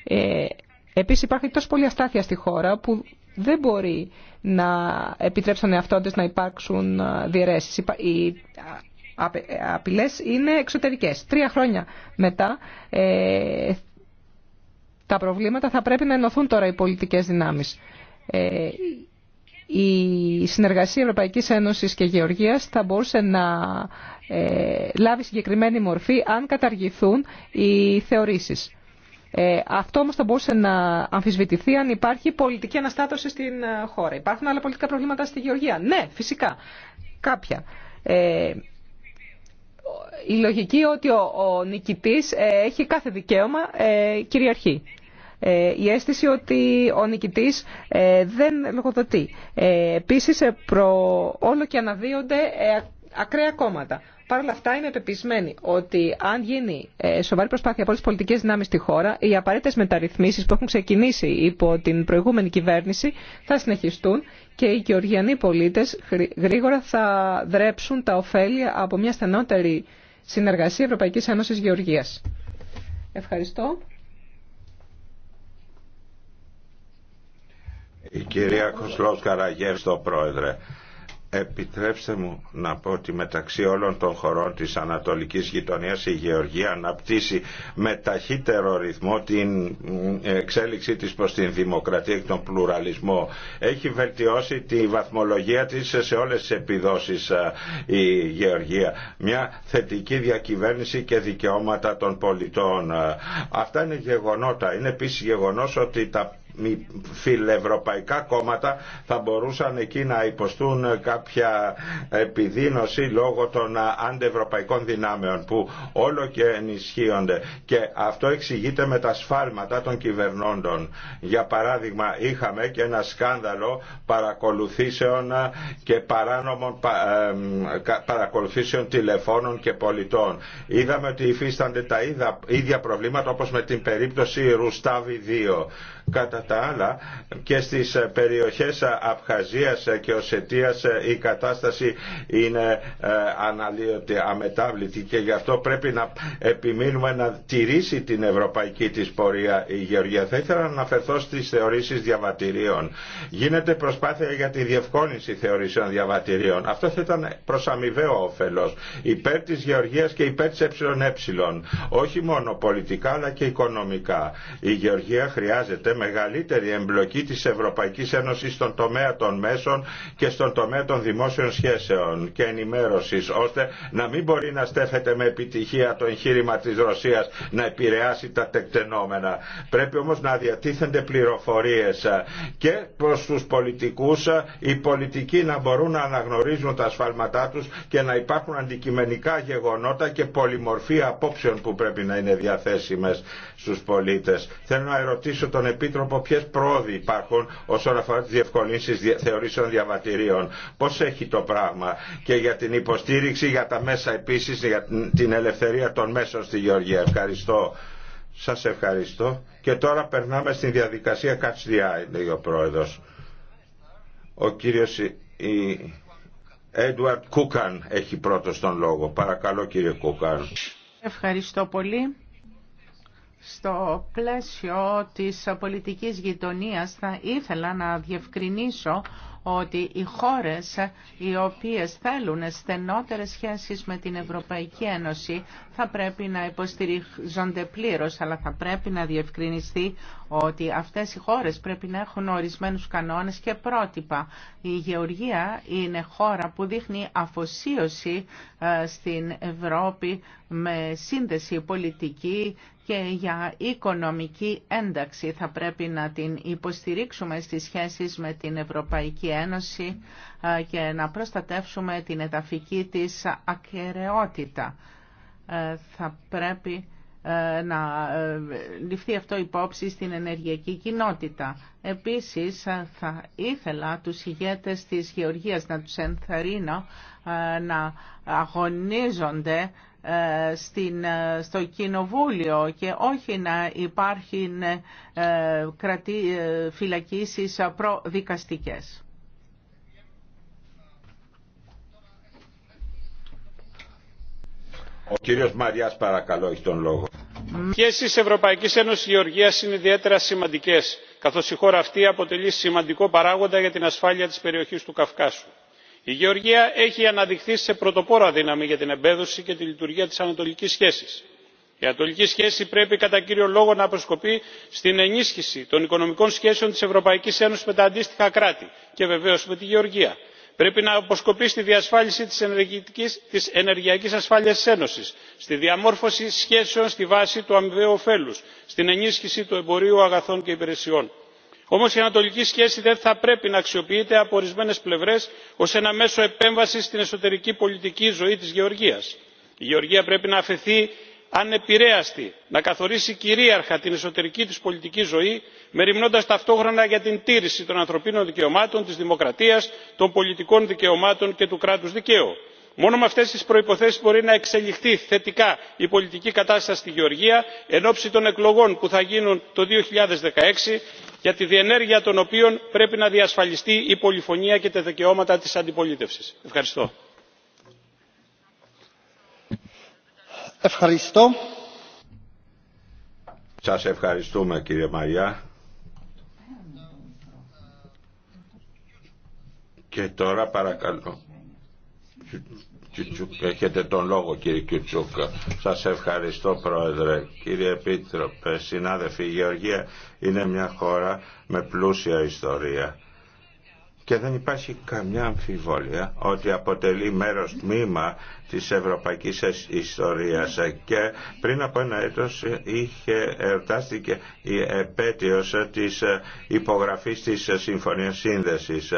Ε, Επίση υπάρχει τόσο πολλή αστάθεια στη χώρα που δεν μπορεί να επιτρέψουν οι να υπάρξουν ε, διαιρέσεις απειλές είναι εξωτερικές. Τρία χρόνια μετά ε, τα προβλήματα θα πρέπει να ενωθούν τώρα οι πολιτικές δυνάμεις. Ε, η συνεργασία Ευρωπαϊκής Ένωσης και Γεωργίας θα μπορούσε να ε, λάβει συγκεκριμένη μορφή αν καταργηθούν οι θεωρήσεις. Ε, αυτό όμως θα μπορούσε να αμφισβητηθεί αν υπάρχει πολιτική αναστάτωση στην χώρα. Υπάρχουν άλλα πολιτικά προβλήματα στη Γεωργία. Ναι, φυσικά. Κάποια η λογική ότι ο νικητής ε, έχει κάθε δικαίωμα ε, κυριαρχεί. Ε, η αίσθηση ότι ο νικητής δεν λογοδοτεί. Επίσης, προ όλο και αναδύονται ακραία κόμματα. Παρ' όλα αυτά είμαι πεπισμένη ότι αν γίνει σοβαρή προσπάθεια από όλε τι πολιτικέ δυνάμει στη χώρα, οι απαραίτητε μεταρρυθμίσει που έχουν ξεκινήσει υπό την προηγούμενη κυβέρνηση θα συνεχιστούν και οι γεωργιανοί πολίτε γρήγορα θα δρέψουν τα ωφέλη από μια στενότερη Συνεργασία Ευρωπαϊκής Ένωσης Γεωργίας. Ευχαριστώ. Η κυρία Κουσλός Καραγεύστο, Πρόεδρε. Επιτρέψτε μου να πω ότι μεταξύ όλων των χωρών της Ανατολικής Γειτονίας η Γεωργία αναπτύσσει με ταχύτερο ρυθμό την εξέλιξή της προς την δημοκρατία και τον πλουραλισμό. Έχει βελτιώσει τη βαθμολογία της σε όλες τις επιδόσεις η Γεωργία. Μια θετική διακυβέρνηση και δικαιώματα των πολιτών. Αυτά είναι γεγονότα. Είναι επίσης γεγονός ότι τα μη φιλευρωπαϊκά κόμματα θα μπορούσαν εκεί να υποστούν κάποια επιδείνωση λόγω των αντευρωπαϊκών δυνάμεων που όλο και ενισχύονται και αυτό εξηγείται με τα σφάλματα των κυβερνώντων. Για παράδειγμα είχαμε και ένα σκάνδαλο παρακολουθήσεων και παράνομων παρακολουθήσεων τηλεφώνων και πολιτών. Είδαμε ότι υφίστανται τα ίδια προβλήματα όπως με την περίπτωση Ρουστάβη 2. Κατά τα άλλα και στις περιοχές Απχαζίας και Οσετίας η κατάσταση είναι ε, αναλύωτη, αμετάβλητη και γι' αυτό πρέπει να επιμείνουμε να τηρήσει την ευρωπαϊκή της πορεία η Γεωργία. Θα ήθελα να αναφερθώ στις θεωρήσεις διαβατηρίων. Γίνεται προσπάθεια για τη διευκόλυνση θεωρήσεων διαβατηρίων. Αυτό θα ήταν προς αμοιβαίο όφελος. Υπέρ της Γεωργίας και υπέρ της ΕΕ. Όχι μόνο πολιτικά αλλά και οικονομικά. Η Γεωργία χρειάζεται μεγάλη μεγαλύτερη εμπλοκή τη Ευρωπαϊκή Ένωση στον τομέα των μέσων και στον τομέα των δημόσιων σχέσεων και ενημέρωση ώστε να μην μπορεί να στέφεται με επιτυχία το εγχείρημα τη Ρωσία να επηρεάσει τα τεκτενόμενα. Πρέπει όμω να διατίθενται πληροφορίε και προ του πολιτικού οι πολιτικοί να μπορούν να αναγνωρίζουν τα ασφάλματά του και να υπάρχουν αντικειμενικά γεγονότα και πολυμορφή απόψεων που πρέπει να είναι διαθέσιμε στου πολίτε. Θέλω να ερωτήσω τον Επίτροπο ποιε πρόοδοι υπάρχουν όσον αφορά τι διευκολύνσει θεωρήσεων διαβατηρίων. Πώ έχει το πράγμα και για την υποστήριξη για τα μέσα επίση για την ελευθερία των μέσων στη Γεωργία. Ευχαριστώ. Σα ευχαριστώ. Και τώρα περνάμε στην διαδικασία Catch the Eye, λέει ο πρόεδρο. Ο κύριο Έντουαρτ Κούκαν έχει πρώτος τον λόγο. Παρακαλώ κύριε Κούκαν. Ευχαριστώ πολύ. Στο πλαίσιο της πολιτικής γειτονίας θα ήθελα να διευκρινίσω ότι οι χώρες οι οποίες θέλουν στενότερες σχέσεις με την Ευρωπαϊκή Ένωση θα πρέπει να υποστηριζονται πλήρως, αλλά θα πρέπει να διευκρινιστεί ότι αυτές οι χώρες πρέπει να έχουν ορισμένους κανόνες και πρότυπα. Η Γεωργία είναι χώρα που δείχνει αφοσίωση ε, στην Ευρώπη με σύνδεση πολιτική, και για οικονομική ένταξη. Θα πρέπει να την υποστηρίξουμε στις σχέσεις με την Ευρωπαϊκή Ένωση και να προστατεύσουμε την εδαφική της ακαιρεότητα. Θα πρέπει να ληφθεί αυτό υπόψη στην ενεργειακή κοινότητα. Επίσης θα ήθελα τους ηγέτες της Γεωργίας να τους ενθαρρύνω να αγωνίζονται ε, στην, ε, στο κοινοβούλιο και όχι να υπάρχουν ε, κρατή, φυλακίσεις προδικαστικές. Ο κύριος Μαριάς παρακαλώ έχει τον λόγο. Ευρωπαϊκής Ένωσης Γεωργία είναι ιδιαίτερα σημαντικέ, καθώς η χώρα αυτή αποτελεί σημαντικό παράγοντα για την ασφάλεια της περιοχής του Καυκάσου η γεωργία έχει αναδειχθεί σε πρωτοπόρα δύναμη για την εμπέδωση και τη λειτουργία της ανατολικής σχέσης. η ανατολική σχέση πρέπει κατά κύριο λόγο να αποσκοπεί στην ενίσχυση των οικονομικών σχέσεων της ευρωπαϊκής ένωσης με τα αντίστοιχα κράτη και βεβαίως με τη γεωργία. πρέπει να αποσκοπεί στη διασφάλιση της ενεργειακής ασφάλειας της ένωσης στη διαμόρφωση σχέσεων στη βάση του αμοιβαίου ωφέλους στην ενίσχυση του εμπορίου αγαθών και υπηρεσιών όμως η ανατολική σχέση δεν θα πρέπει να αξιοποιείται από ορισμένες πλευρές ως ένα μέσο επέμβασης στην εσωτερική πολιτική ζωή της γεωργίας. η γεωργία πρέπει να αφαιθεί ανεπηρέαστη να καθορίσει κυρίαρχα την εσωτερική της πολιτική ζωή μεριμνώντας ταυτόχρονα για την τήρηση των ανθρωπίνων δικαιωμάτων της δημοκρατίας των πολιτικών δικαιωμάτων και του κράτους δικαίου. μόνο με αυτές τις προϋποθέσεις μπορεί να εξελιχθεί θετικά η πολιτική κατάσταση στη γεωργία εν ώψη των εκλογών που θα γίνουν το 2016 για τη διενέργεια των οποίων πρέπει να διασφαλιστεί η πολυφωνία και τα δικαιώματα της αντιπολίτευσης. ευχαριστώ. ευχαριστώ. Σας ευχαριστούμε κύριε Μαριά. Και τώρα παρακαλώ. Κιουτσούκ. Έχετε τον λόγο κύριε Κιουτσούκ. Σας ευχαριστώ πρόεδρε. Κύριε Επίτροπε, συνάδελφοι, η Γεωργία είναι μια χώρα με πλούσια ιστορία και δεν υπάρχει καμιά αμφιβολία ότι αποτελεί μέρος τμήμα της ευρωπαϊκής ιστορίας και πριν από ένα έτος είχε ερτάστηκε η επέτειος της υπογραφής της Συμφωνίας Σύνδεσης.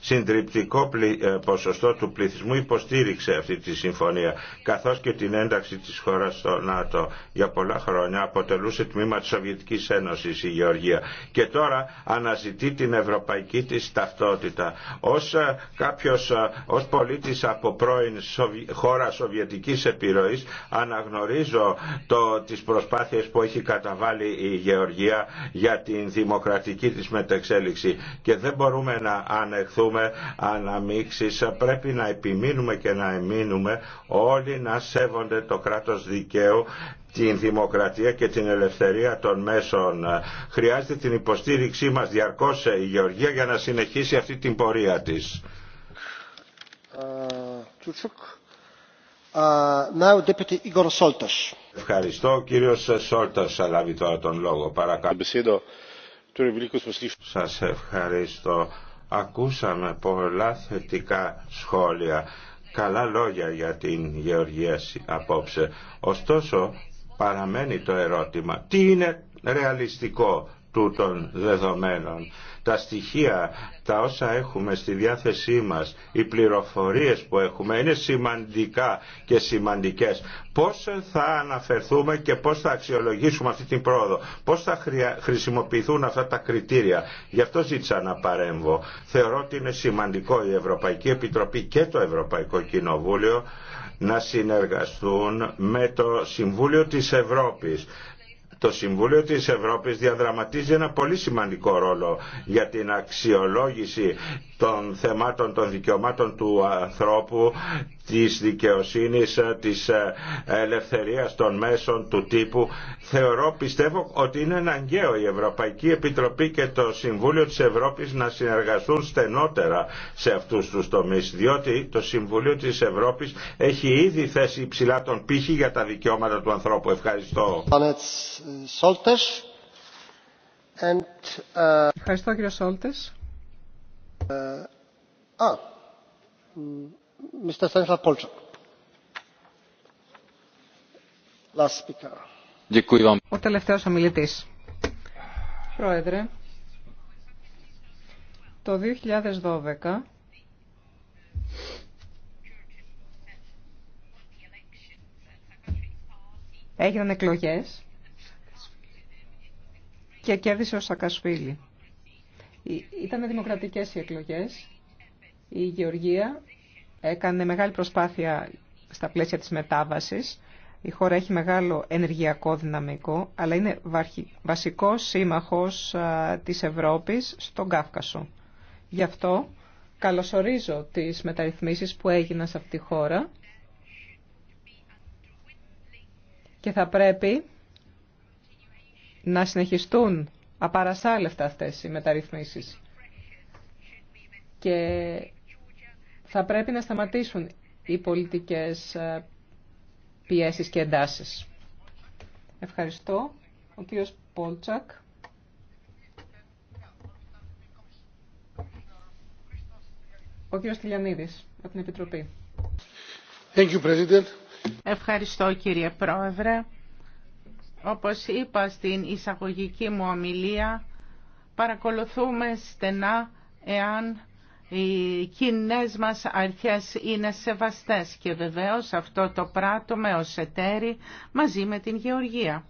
Συντριπτικό ε, ποσοστό του πληθυσμού υποστήριξε αυτή τη συμφωνία καθώς και την ένταξη της χώρας στο ΝΑΤΟ για πολλά χρόνια αποτελούσε τμήμα της Σοβιετικής Ένωσης η Γεωργία και τώρα αναζητεί την ευρωπαϊκή της ταυτότητα ω Ως ε, κάποιος, ε, ως πολίτης από πρώην χώρα σοβιετικής επιρροής αναγνωρίζω το, τις προσπάθειες που έχει καταβάλει η Γεωργία για την δημοκρατική της μετεξέλιξη και δεν μπορούμε να ανεχθούμε αναμίξεις. Πρέπει να επιμείνουμε και να εμείνουμε όλοι να σέβονται το κράτος δικαίου την δημοκρατία και την ελευθερία των μέσων. Χρειάζεται την υποστήριξή μας διαρκώς ε, η Γεωργία για να συνεχίσει αυτή την πορεία της. Ε, ε, ευχαριστώ. Ο κύριος Σόλτας θα λάβει τώρα τον λόγο. Παρακαλώ. Σας ευχαριστώ. Ακούσαμε πολλά θετικά σχόλια, καλά λόγια για την Γεωργία απόψε. Ωστόσο, παραμένει το ερώτημα τι είναι ρεαλιστικό τούτων δεδομένων. Τα στοιχεία, τα όσα έχουμε στη διάθεσή μας, οι πληροφορίες που έχουμε είναι σημαντικά και σημαντικές. Πώς θα αναφερθούμε και πώς θα αξιολογήσουμε αυτή την πρόοδο. Πώς θα χρησιμοποιηθούν αυτά τα κριτήρια. Γι' αυτό ζήτησα να παρέμβω. Θεωρώ ότι είναι σημαντικό η Ευρωπαϊκή Επιτροπή και το Ευρωπαϊκό Κοινοβούλιο να συνεργαστούν με το Συμβούλιο της Ευρώπης το Συμβούλιο της Ευρώπης διαδραματίζει ένα πολύ σημαντικό ρόλο για την αξιολόγηση των θεμάτων των δικαιωμάτων του ανθρώπου, της δικαιοσύνης, της ε, ελευθερίας των μέσων του τύπου. Θεωρώ, πιστεύω ότι είναι αναγκαίο η Ευρωπαϊκή Επιτροπή και το Συμβούλιο της Ευρώπης να συνεργαστούν στενότερα σε αυτούς τους τομείς, διότι το Συμβούλιο της Ευρώπης έχει ήδη θέσει υψηλά τον πύχη για τα δικαιώματα του ανθρώπου. Ευχαριστώ. Ευχαριστώ κύριε Σόλτες. Ε, ο τελευταίος ομιλητής. Πρόεδρε, το 2012 έγιναν εκλογές και κέρδισε ο Σακασφίλη. Ήταν δημοκρατικές οι εκλογές. Η Γεωργία έκανε μεγάλη προσπάθεια στα πλαίσια της μετάβασης. Η χώρα έχει μεγάλο ενεργειακό δυναμικό, αλλά είναι βασικός σύμμαχος της Ευρώπης στον Κάφκασο. Γι' αυτό καλωσορίζω τις μεταρρυθμίσεις που έγιναν σε αυτή τη χώρα και θα πρέπει να συνεχιστούν απαρασάλευτα αυτές οι μεταρρυθμίσεις. Και θα πρέπει να σταματήσουν οι πολιτικές ε, πιέσεις και εντάσεις. Ευχαριστώ. Ο κύριος Πόλτσακ. Ο κύριος Τηλιανίδης, από την Επιτροπή. Thank you, President. Ευχαριστώ κύριε Πρόεδρε. Όπως είπα στην εισαγωγική μου ομιλία, παρακολουθούμε στενά εάν οι κοινέ μας αρχές είναι σεβαστές και βεβαίως αυτό το πράττουμε ως εταίροι μαζί με την Γεωργία.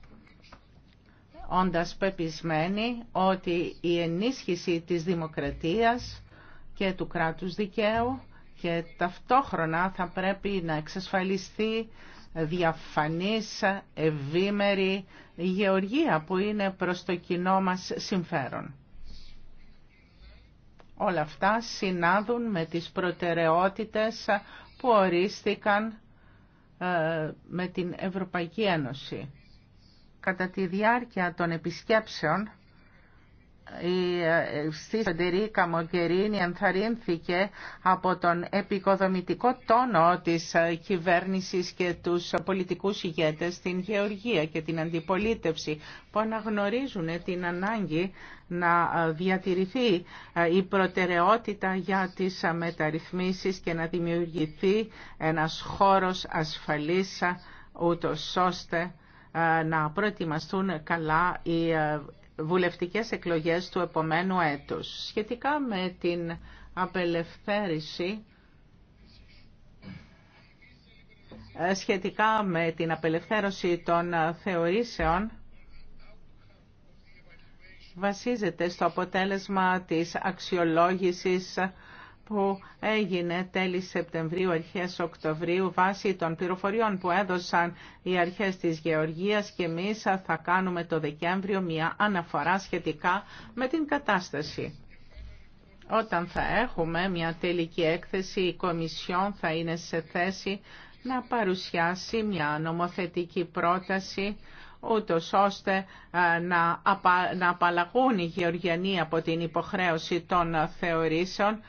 Όντας πεπισμένοι ότι η ενίσχυση της δημοκρατίας και του κράτους δικαίου και ταυτόχρονα θα πρέπει να εξασφαλιστεί διαφανής, ευήμερη γεωργία που είναι προς το κοινό μας συμφέρον. Όλα αυτά συνάδουν με τις προτεραιότητες που ορίστηκαν ε, με την Ευρωπαϊκή Ένωση. Κατά τη διάρκεια των επισκέψεων η ε, Φεντερίκα Μογκερίνη ενθαρρύνθηκε από τον επικοδομητικό τόνο της ε, κυβέρνησης και τους πολιτικούς ηγέτες στην Γεωργία και την αντιπολίτευση που αναγνωρίζουν την ανάγκη να ε, διατηρηθεί η προτεραιότητα για τις μεταρρυθμίσεις και να δημιουργηθεί ένας χώρος ασφαλής ούτως ώστε να προετοιμαστούν καλά οι βουλευτικές εκλογές του επομένου έτους. Σχετικά με την απελευθέρωση ε, σχετικά με την απελευθέρωση των θεωρήσεων βασίζεται στο αποτέλεσμα της αξιολόγησης που έγινε τέλη Σεπτεμβρίου, αρχές Οκτωβρίου, βάσει των πληροφοριών που έδωσαν οι αρχές της Γεωργίας και εμείς θα κάνουμε το Δεκέμβριο μια αναφορά σχετικά με την κατάσταση. Όταν θα έχουμε μια τελική έκθεση, η Κομισιόν θα είναι σε θέση να παρουσιάσει μια νομοθετική πρόταση ούτως ώστε να απαλλαγούν οι Γεωργιανοί από την υποχρέωση των θεωρήσεων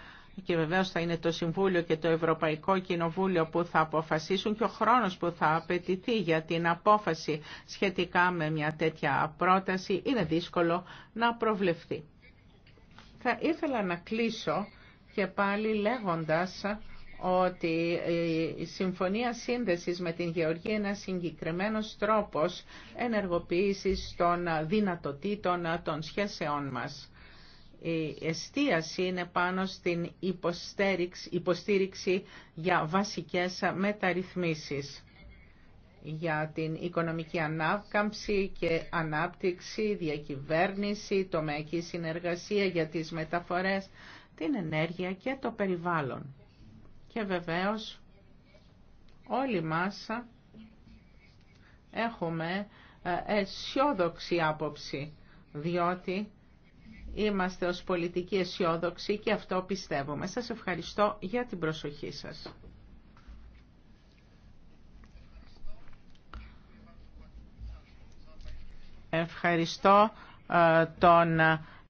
και βεβαίως θα είναι το Συμβούλιο και το Ευρωπαϊκό Κοινοβούλιο που θα αποφασίσουν και ο χρόνος που θα απαιτηθεί για την απόφαση σχετικά με μια τέτοια πρόταση είναι δύσκολο να προβλεφθεί. Θα ήθελα να κλείσω και πάλι λέγοντας ότι η συμφωνία σύνδεσης με την Γεωργία είναι ένα συγκεκριμένος τρόπος ενεργοποίησης των δυνατοτήτων των σχέσεών μας η εστίαση είναι πάνω στην υποστήριξη, υποστήριξη για βασικές μεταρρυθμίσεις για την οικονομική ανάκαμψη και ανάπτυξη, διακυβέρνηση, τομεακή συνεργασία για τις μεταφορές, την ενέργεια και το περιβάλλον. Και βεβαίως όλοι μας έχουμε ε, αισιόδοξη άποψη, διότι Είμαστε ως πολιτική αισιόδοξοι και αυτό πιστεύουμε. Σας ευχαριστώ για την προσοχή σας. Ευχαριστώ ε, τον